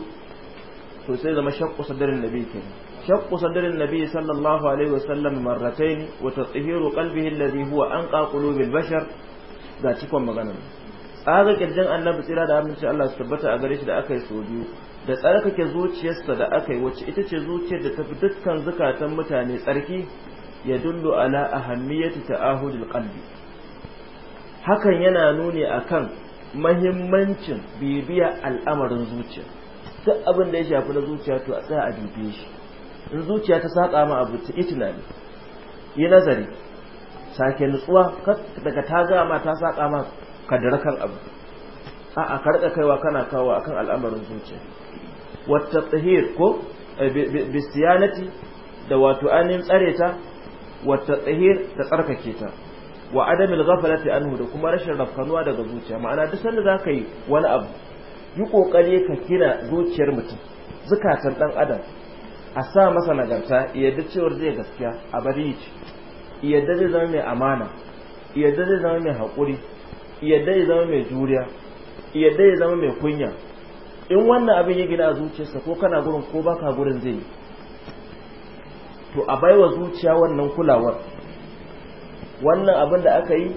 to sai zama shakku sadarin nabi kenan shakku sadarin nabi sallallahu alaihi wasallam marratain wa tathiru qalbihi alladhi huwa anqa qulubil bashar ga cikon magana tsaga kirjin annabi tsira da aminci Allah su tabbata a gare shi da aka yi so biyu da tsarkake zuciyarsa da aka yi wacce ita ce zuciyar da tafi dukkan zukatan mutane tsarki ya dullu ala ahammiyati ta'ahudil qalbi hakan yana nuni akan mahimmancin bibiya al'amarin zuciya duk abin da ya shafi na zuciya to a tsaya a dubiye shi in zuciya ta saka ma abu ta yi tunani yi nazari sake nutsuwa daga ta gama ta saka ma kadara kan abu a'a ka rika kaiwa kana kawo a kan al'amarin zuciya wata tsahir ko eh, bisiyanati da wato ainihin tsare ta wata tsahir da tsarkake ta wa adamil ghaflati anhu da kuma rashin rafkanuwa daga zuciya ma'ana duk sanda ka yi wani abu yi ƙoƙari ka kira zuciyar mutum zukatan ɗan adam a sa masa nagarta yadda cewar zai gaskiya a bari ci yadda zai zama mai amana yadda zai zama mai haƙuri yadda zai zama mai juriya yadda zai zama mai kunya in wannan abin ya gina a zuciyarsa ko kana gurin ko baka gurin zai yi to a baiwa zuciya wannan kulawar wannan abin da aka yi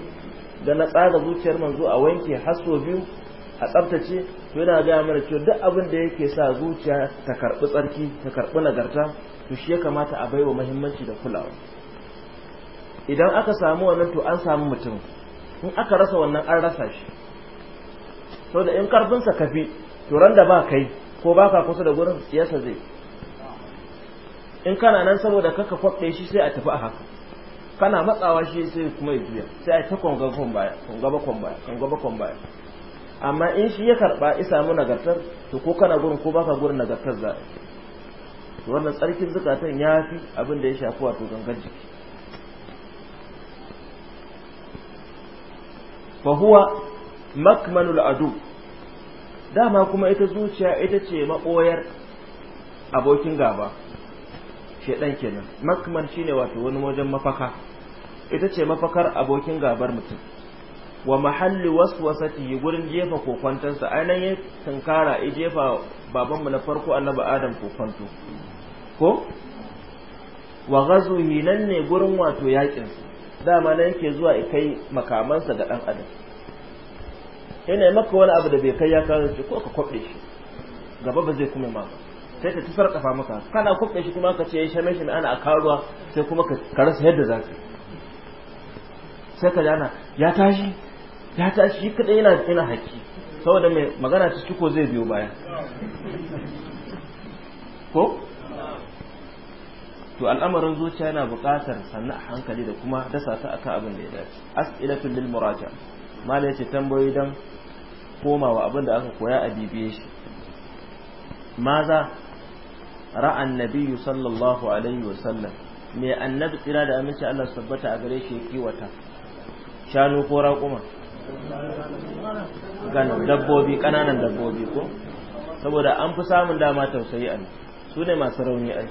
da na tsaga zuciyar manzo a wanke haso biyu a tsabtace to yana gaya mana cewa duk abin da yake sa zuciya ta karbi tsarki ta karbi nagarta to shi ya kamata a baiwa muhimmanci da kulawa idan aka samu wannan to an samu mutum in aka rasa wannan an rasa shi so da in karfinsa kafi to ran da ba kai ko ba ka kusa da gurin siyasa zai in kana nan saboda kaka kwafe shi sai a tafi a haka kana matsawa shi sai kuma ya juya sai a ta kwan baya kwan kwan baya kwan kwan baya amma in shi ya karba ya samu nagartar to ko kana gurin ko baka gurin nagartar za to wannan tsarkin zukatan ya fi abin da ya shafi wato gangar jiki fa huwa makmanul adu dama kuma ita zuciya ita ce maboyar abokin gaba shedan kenan makman shine wato wani wajen mafaka ita ce mafakar abokin gabar mutum wa mahalli waswasati gurin jefa kokwantansa ainihin ya tunkara ya jefa babanmu na farko naba adam kokwanto ko wa gazu hinan ne gurin wato yakinsa dama na yake zuwa kai makamansa ga dan adam yana maka wani abu da bai kai ya kawo ko ka kwabe shi gaba ba zai kuma maka sai ka ci sarkafa maka kana kwaɓe shi kuma ka ce ya shame shi ana a karuwa sai kuma ka rasa yadda za ka yi sai ka jana ya tashi ya tashi shi kadai yana yana haƙi saboda mai magana ta ciko zai biyo baya ko to al'amarin zuciya yana buƙatar sannu a hankali da kuma dasa ta akan abin da ya dace as'ilatul lil muraja mala yace tambayoyi dan komawa abin da aka koya a bibiye shi maza ra'an Nabiyu sallallahu alaihi wa sallam me annabi tsira da aminci Allah sabbata a gare shi ya kiwata shanu ko raƙuma ganin dabbobi ƙananan dabbobi ko saboda an fi samun dama tausayi a su ne masu rauni ai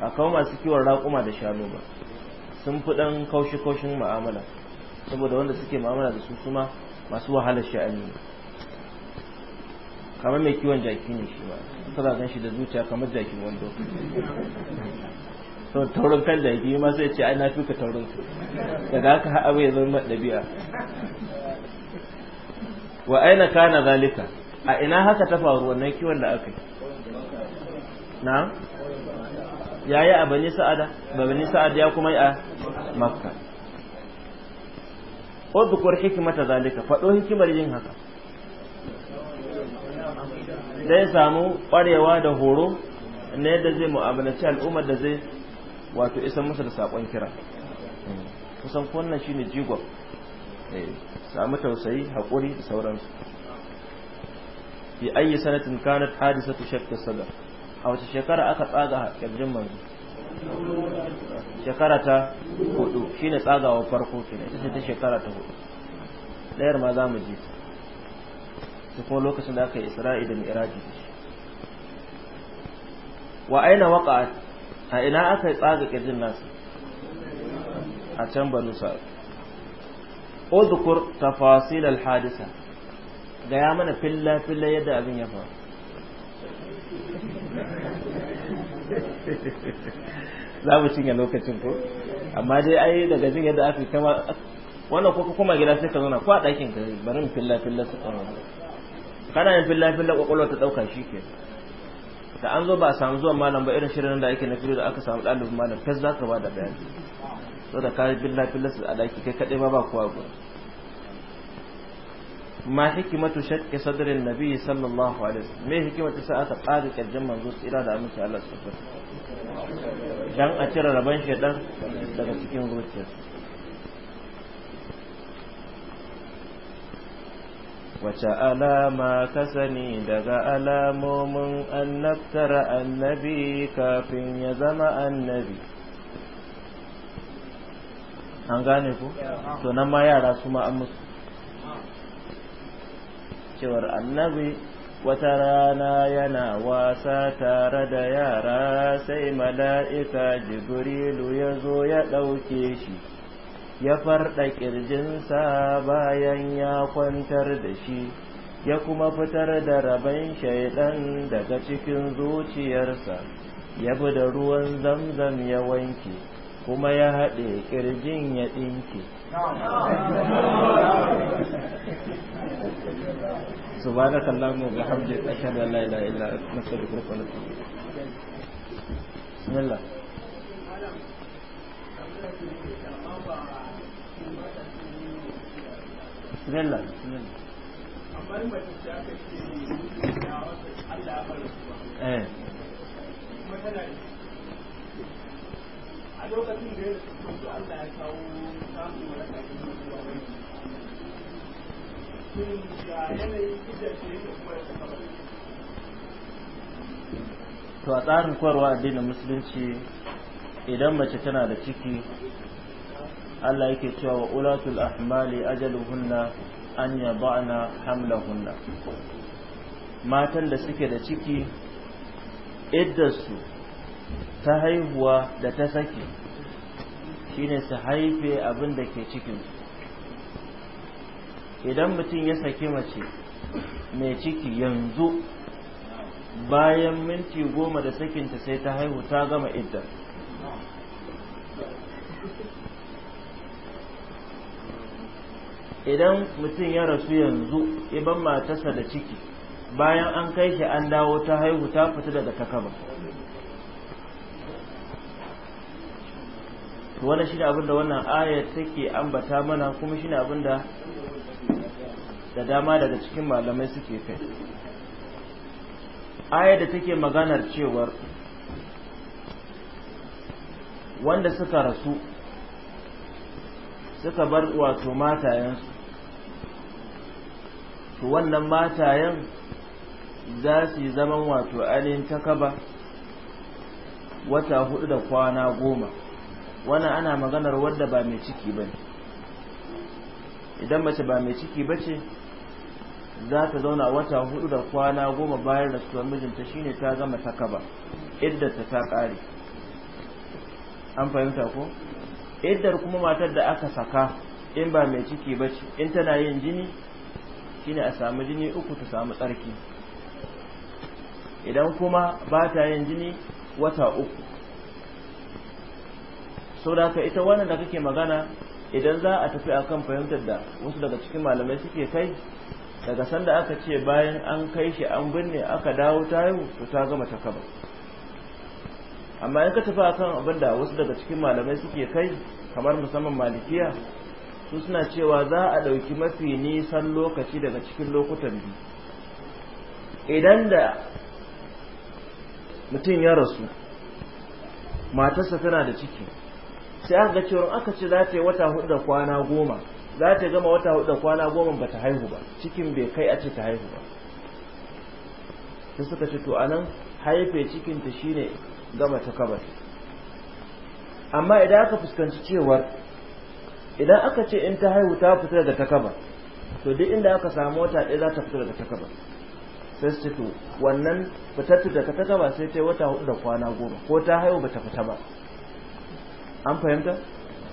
a kawo masu kiwon raƙuma da shanu ba sun fi ɗan kaushi-kaushin ma'amala saboda wanda suke ma'amala da su suma masu wahalar sha'ani ne kamar mai kiwon jaki ne shi ba suka zagan shi da zuciya kamar jakin wando sun taurin kan da yake ma sai ce ai na fi ka taurin daga haka har abu ya zama dabi'a wa aina kana zalika a ina haka ta faru wannan kiwon da aka yi na yayi a bani sa'ada ba bani sa'ad ya kuma a makka udhkur mata zalika fado hikimar yin haka zai samu kwarewa da horo na yadda zai mu'amalaci al'ummar da zai wato isan masa da sakon kira kusan kunnan shine jigon eh, samu tausayi hakuri da sauransu bi ayi sanatin kanat hadisatu shakka sada a wace shekara aka tsaga kirjin manzo shekara ta hudu shine tsagawa farko kenan ita ce ta shekara ta hudu dayar ma za mu ji ta kuma lokacin da aka yi isra'i da mi'raji wa aina waqa'at a ina aka yi tsaga ƙirjin nasu a can banu sa'ad udhkur ta fasilar hadisa ya mana filla filla yadda abin ya faru za mu cinye lokacin ko amma dai ai daga jin yadda aka kama wannan ko kuma gida sai ka zauna ko a ɗakin ka bari mu filla filla su kama kana yin filla filla ƙwaƙwalwa ta ɗauka shi ke da an zo ba a samu zuwa malam ba irin shirin da ake na filo da aka samu ɗalibin malam kai za ka ba da bayani so da ka billa filas a daki kai kaɗai ba ba kowa ba ma hikimatu shakki sadrin nabi sallallahu alaihi wasallam me hikimatu sa aka tsara kirjin manzo tsira da amince Allah subhanahu dan a cire rabon shedan daga cikin zuciyarsa wace alama ka sani daga alamomin annabtar annabi kafin ya zama annabi an gane ku to nan ma yara su ma cewar annabi wata rana yana wasa tare da yara sai mala'ika jibrilu ya zo ya ɗauke shi ya farɗa ƙirjinsa bayan ya kwantar da shi ya kuma fitar da rabon shaidan daga cikin zuciyarsa ya bi da ruwan zamzam ya wanke kuma ya haɗe ƙirjin ya ɗinke سبحانك اللهم وبحمدك أشهد أن لا إله إلا أنت نستغفرك ونتوب بسم الله bismillah eh a lokacin da ya rasu Allah ya kawo samun waraka da mutuwa wani shin ga yanayin hujjar da yake kuma da sakamakon to a tsarin koyarwa addinin musulunci idan mace tana da ciki Allah yake cewa wa ulatul ahmali ajaluhunna an yada'na hamlahunna matan da suke da ciki iddarsu ta haihuwa da ta saki shine su haife abin da ke cikin idan mutum ya saki mace mai ciki yanzu bayan minti goma da sakinta sai ta haihu ta gama iddar idan mutum ya rasu yanzu iban matarsa da ciki bayan an kai shi an dawo ta haihu ta fita daga takaba wannan shine abin da wannan ayar take ambata mana kuma shine abin da da dama daga cikin malamai suke kai ayar da take maganar cewar wanda suka rasu suka bar wato matayensu to wannan matayen za su zaman wato ainihin takaba wata hudu da kwana goma wannan ana maganar wadda ba mai ciki ba idan mace ba mai ciki ba ce za ta zauna wata hudu da kwana goma bayan rasuwar mijinta shine ta gama takaba idda ta ta kare an fahimta ko Idar kuma matar da aka saka in ba mai ciki ba ce in tana yin jini shine a sami jini uku ta samu tsarki idan kuma ba ta yin jini wata uku sau da ka ita wannan da kake magana idan za a tafi akan fahimtar da wasu daga cikin malamai suke kai daga sanda aka ce bayan an kai shi an binne aka dawo ta yau to ta gama ta kaba amma in ka tafi akan abin da wasu daga cikin malamai suke kai kamar musamman malikiya su suna cewa za a ɗauki mafi nisan lokaci daga cikin lokutan biyu idan da mutum ya rasu matarsa tana da ciki sai aka ga cewa aka ce za ta yi wata hudu da kwana goma za ta gama wata hudu da kwana goma ba ta haihu ba cikin bai kai a ce ta haihu ba sai suka ce to anan haife cikinta shine gama ta amma idan aka fuskanci cewar idan aka ce in ta haihu ta fita daga ta kabar to duk inda aka samu wata ɗaya za ta fita daga ta kabar sai su ce wannan fitar daga ta kaba sai ta wata hudu da kwana goma ko ta haihu ba ta fita ba an fahimta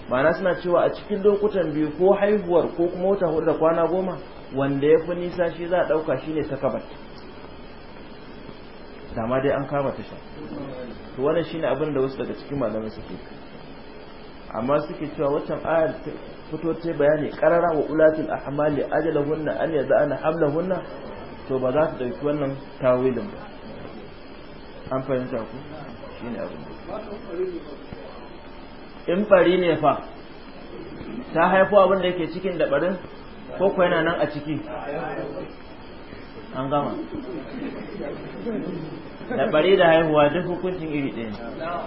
ma'ana suna cewa a cikin lokutan biyu ko haihuwar ko kuma wata hudu da kwana goma wanda ya fi nisa shi za a ɗauka shi ne ta kabar dama dai an kama tasha to wannan shine abin da wasu daga cikin malamai suke amma suke cewa waccan ayar fito ta bayani qarara wa ulatil ahmali ajalahunna an yada'ana hamlahunna to ba za su dauki wannan tawilin ba an fahimta ku shine abin in fari ne fa ta haifo abin da yake cikin da barin ko ko yana nan a ciki an gama da bari da haihuwa duk hukuncin iri ɗaya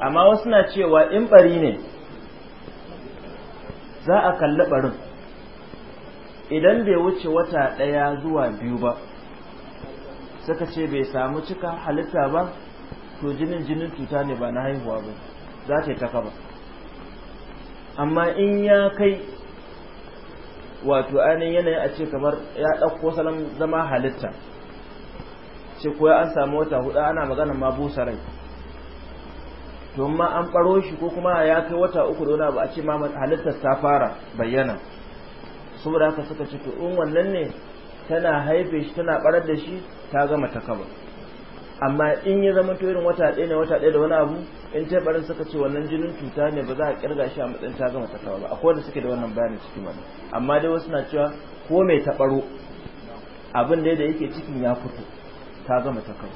amma wasu na cewa in bari ne za a kalli barin idan bai wuce wata ɗaya zuwa biyu ba suka ce bai samu cika halitta ba to jinin jinin cuta ne ba na haihuwa ba za ta yi ta kaba amma in ya kai wato ainihin yanayin a ce kamar ya ɗauko salon zama halitta ce ko an samu wata hudu ana magana ma busa rai to ma an baro shi ko kuma ya kai wata uku da ba a ce ma halittar ta fara bayyana saboda haka suka ce to in wannan ne tana haife shi tana barar da shi ta gama ta kaba amma in ya zama to irin wata ɗaya ne wata ɗaya da wani abu in ce barin suka ce wannan jinin cuta ne ba za a kirga shi a matsayin ta gama ta kaba ba akwai wanda suke da wannan bayanin cikin wani amma dai wasu na cewa ko mai taɓaro abin da yake cikin ya fito ta gama ta kai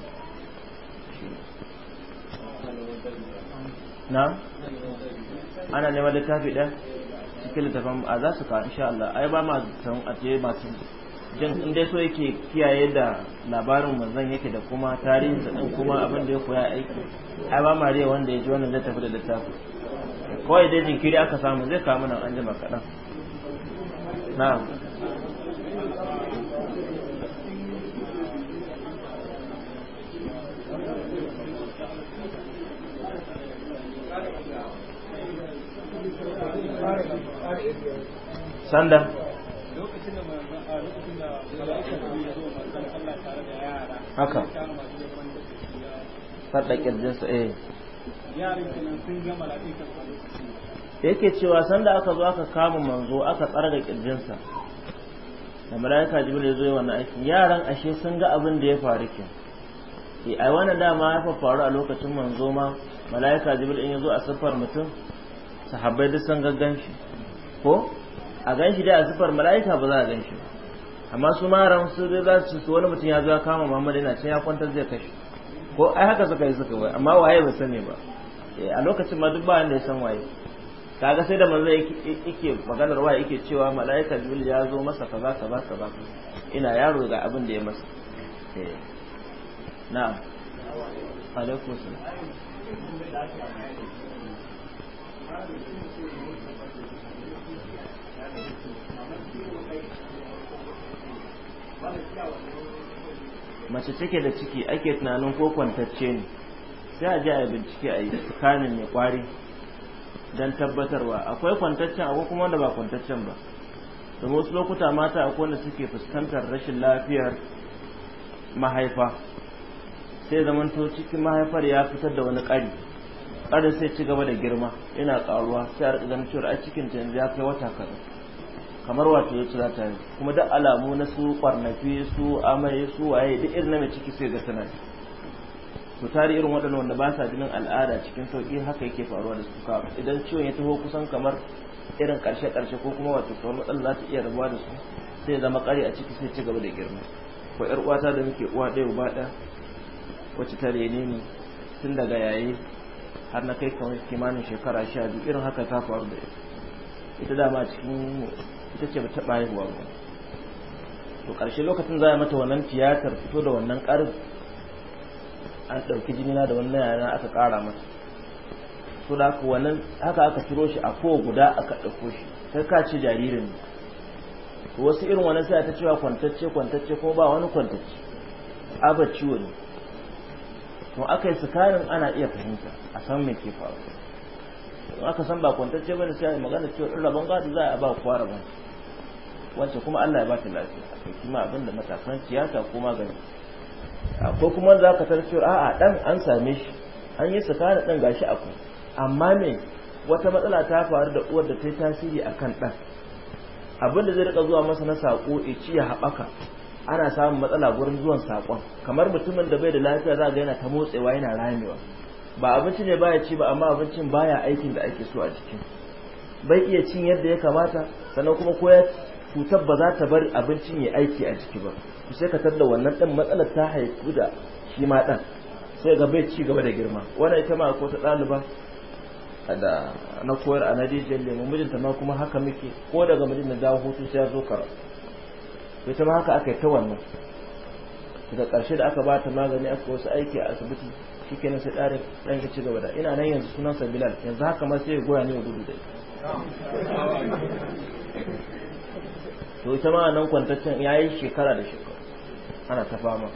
na ana neman littafi ɗan cikin littafin a za su ka insha Allah ai ba ma san aje masu jin in dai so yake kiyaye da labarin manzon yake da kuma tarihin sa din kuma abin da ya koya aiki ai ba ma riya wanda ya ji wannan littafi da littafi kawai dai jinkiri aka samu zai kawo nan an jima kaɗan na'am sanda haka faɗa ƙirjinsa eh yake cewa sanda aka zo aka kama manzo aka tsarga ƙirjinsa da mala'ika jibril ya zo wannan aiki. yaran ashe sun ga abin da ya faru ke eh, ai wannan dama ya faru a lokacin manzo ma mala'ika jibril in ya zo a siffar mutum sahabbai duk sun gaggan shi ko a gan shi dai a zufar mala'ika ba za a gan shi amma su maran su dai za su wani mutum ya zo ya kama muhammad yana cewa ya kwantar zai kashi ko ai haka suka yi suka bai amma waye ba sani ba eh, a lokacin ma duk ba wanda ya san waye kaga sai da manzo yake maganar waye yake cewa mala'ika jibril ya zo masa kaza kaza kaza ina yaro ga abin da ya masa eh, na'am alaikum assalam mace take da ciki ake tunanin ko kwantacce ne sai a je a bincike a yi tsakanin ya kwari don tabbatarwa akwai kwantaccen akwai kuma wanda ba kwantaccen ba da wasu lokuta mata akwai wanda suke fuskantar rashin lafiyar mahaifa sai zamanto cikin mahaifar ya fitar da wani ƙari ƙarin sai ci gaba da girma yana karuwa sai a rika ganin cewa a cikin ta yanzu ya kai wata kaza kamar wato ya cira ta kuma duk alamu na su kwarnafi su amai su waye duk irin na ciki sai ga sana to tari irin waɗannan wanda ba sa jinin al'ada cikin sauƙi haka yake faruwa da su ka idan ciwon ya taho kusan kamar irin ƙarshe ƙarshe ko kuma wato kamar matsala za ta iya rabuwa da su sai zama ƙari a ciki sai ci gaba da girma ko ƴar uwata da muke uwa ɗaya uba ɗaya wacce ta rene ne tun daga yayi har na kai kawai kimanin shekara sha biyu irin haka ta faru da ita ita dama cikin ita ce ta bayarwa ba to ƙarshe lokacin za a mata wannan tiyatar fito da wannan ƙarin an ɗauki jinina da wannan yana aka ƙara masa to da haka wannan haka aka ciro shi a ko guda aka ɗauko shi kai ka ce jaririn wasu irin wannan sai ta cewa kwantacce kwantacce ko ba wani kwantacce aba ne to aka yi sukarin ana iya fahimta a san me ke faru in aka san ba kwantacce bane sai a magana cewa in rabon gadi za a ba kowa rabon wacce kuma Allah ya ba ta lafiya a kai kima abinda matasan siyasa ko magani akwai kuma za ka cewa a'a dan an same shi an yi sukarin dan gashi akwai amma me wata matsala ta faru da uwar da ta yi tasiri akan dan abinda zai rika zuwa masa na sako ya ci ya haɓaka ana samun matsala gurin zuwan sakon kamar mutumin da bai da lafiya za ga yana ta motsewa yana ramewa ba abinci ne baya ci ba amma abincin baya aikin da ake so a jiki bai iya cin yadda ya kamata sannan kuma ko ya cutar ba za ta bar abincin ya aiki a jiki ba ku sai ka tarda wannan dan matsalar ta haifu da shi ma dan sai ga bai ci gaba da girma wannan ita ma ko ta ɗaliba da na koyar a nadijiyar lemu mijinta ma kuma haka muke ko daga mijin da dawo hutu sai ya zo karatu to ta ma haka aka yi ta wannan daga ƙarshe da aka ba ta magani aka wasu aiki a asibiti shi kenan sai ɗarin ɗan ya ci gaba da ina nan yanzu sunan sa bilal yanzu haka ma sai goya ne ya gudu da to ita ma nan kwantaccen ya yi shekara da shekara ana ta fama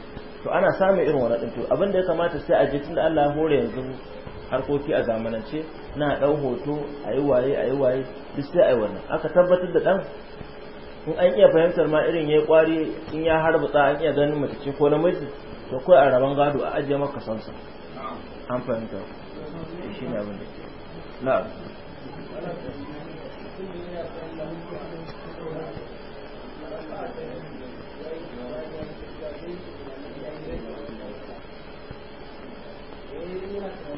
to ana samun irin wani ɗin to abin da ya kamata sai a je tun da Allah ya hore yanzu harkoki a zamanance na ɗau hoto a yi waye a yi waye duk sai a yi wannan aka tabbatar da ɗan in an iya fahimtar ma irin ya kwari in ya harbuta an iya ganin mace ko namiji to kai a raban gado a ajiye maka sansa an fahimta shi ne abin da ke na Thank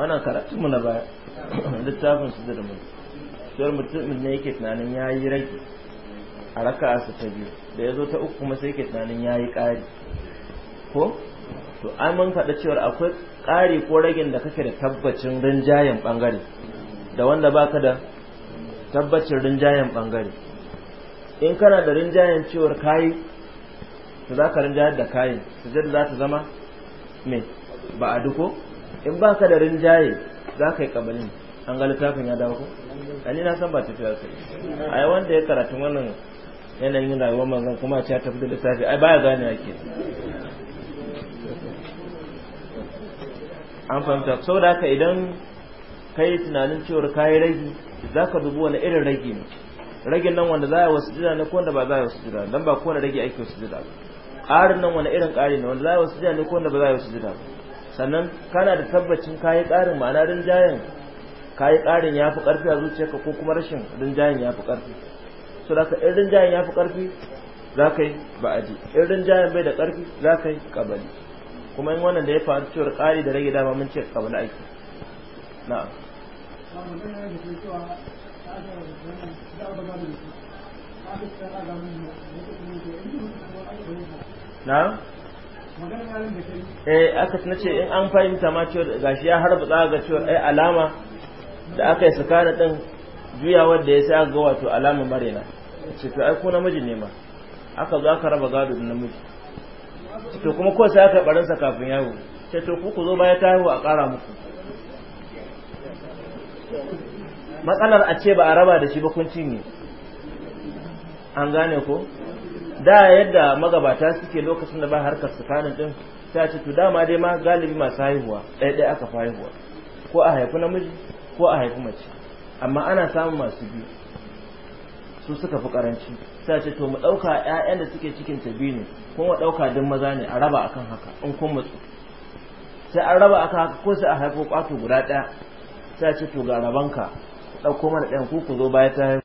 wannan karatu mu na baya littafin su da mu sai mutum ne yake tunanin yayi rage a raka'a su ta biyu da yazo ta uku kuma sai yake tunanin yayi ƙari ko to an mun faɗa cewar akwai ƙari ko ragin da kake da tabbacin rinjayen ɓangare da wanda baka da tabbacin rinjayen ɓangare in kana da rinjayen cewar kayi to za ka rinjayar da kayin da za ta zama me ba a duko in ba ka da rinjaye za ka yi kabalin an ga littafin ya dawo A ni na san ba ta tafiya A yi wanda ya karatu wannan yanayin rayuwar manzan kuma ta tafi da littafi ai baya gane ke." an fahimta Sau da haka idan kai tunanin cewar kayi ragi za ka dubu wani irin ragi ne ragin nan wanda za a yi wasu jira ne ko wanda ba za a yi wasu jira dan ba kowane ragi ake wasu jira ƙarin nan wani irin ƙari ne wanda za a yi wasu jira ne ko wanda ba za a yi wasu jira ba sannan kana da tabbacin kayi ƙarin ma'ana rinjayen kayi ƙarin ya fi ƙarfi a zuciyarka ko kuma rashin rinjayen ya fi ƙarfi so da in rinjayen ya fi ƙarfi za ka yi ba'adi in rinjayen bai da ƙarfi za ka yi ƙabali kuma in wannan da ya faru cewar ƙari da rage dama mun ce ƙabali aiki na'am na'am eh aka ce in an fahimta ma cewa shi ya harba za ga cewa ai eh, alama da aka yi sakana din juyawar da ya sa ga wato alama marena ce to ai ko namiji ne ma aka zo aka raba gado da namiji to kuma ko sai aka barin sa kafin yawo ce to ku ku zo baya ta a ƙara muku matsalar a ce ba a raba da shi ba kun cinye an gane ko da yadda magabata suke lokacin da ba harkar tsakanin din sai ce to dama dai ma galibi masu haihuwa ɗaya ɗaya aka haihuwa ko a haifi namiji ko a haifi mace amma ana samun masu biyu su suka fi karanci sai ce to mu ɗauka ƴaƴan da suke cikin ta biyu ne kuma ɗauka duk maza ne a raba akan haka in kun mutu sai an raba akan haka ko sai a haifi ƙwato guda ɗaya sai ce to ga rabanka ɗauko mana ɗayan ku ku zo baya ta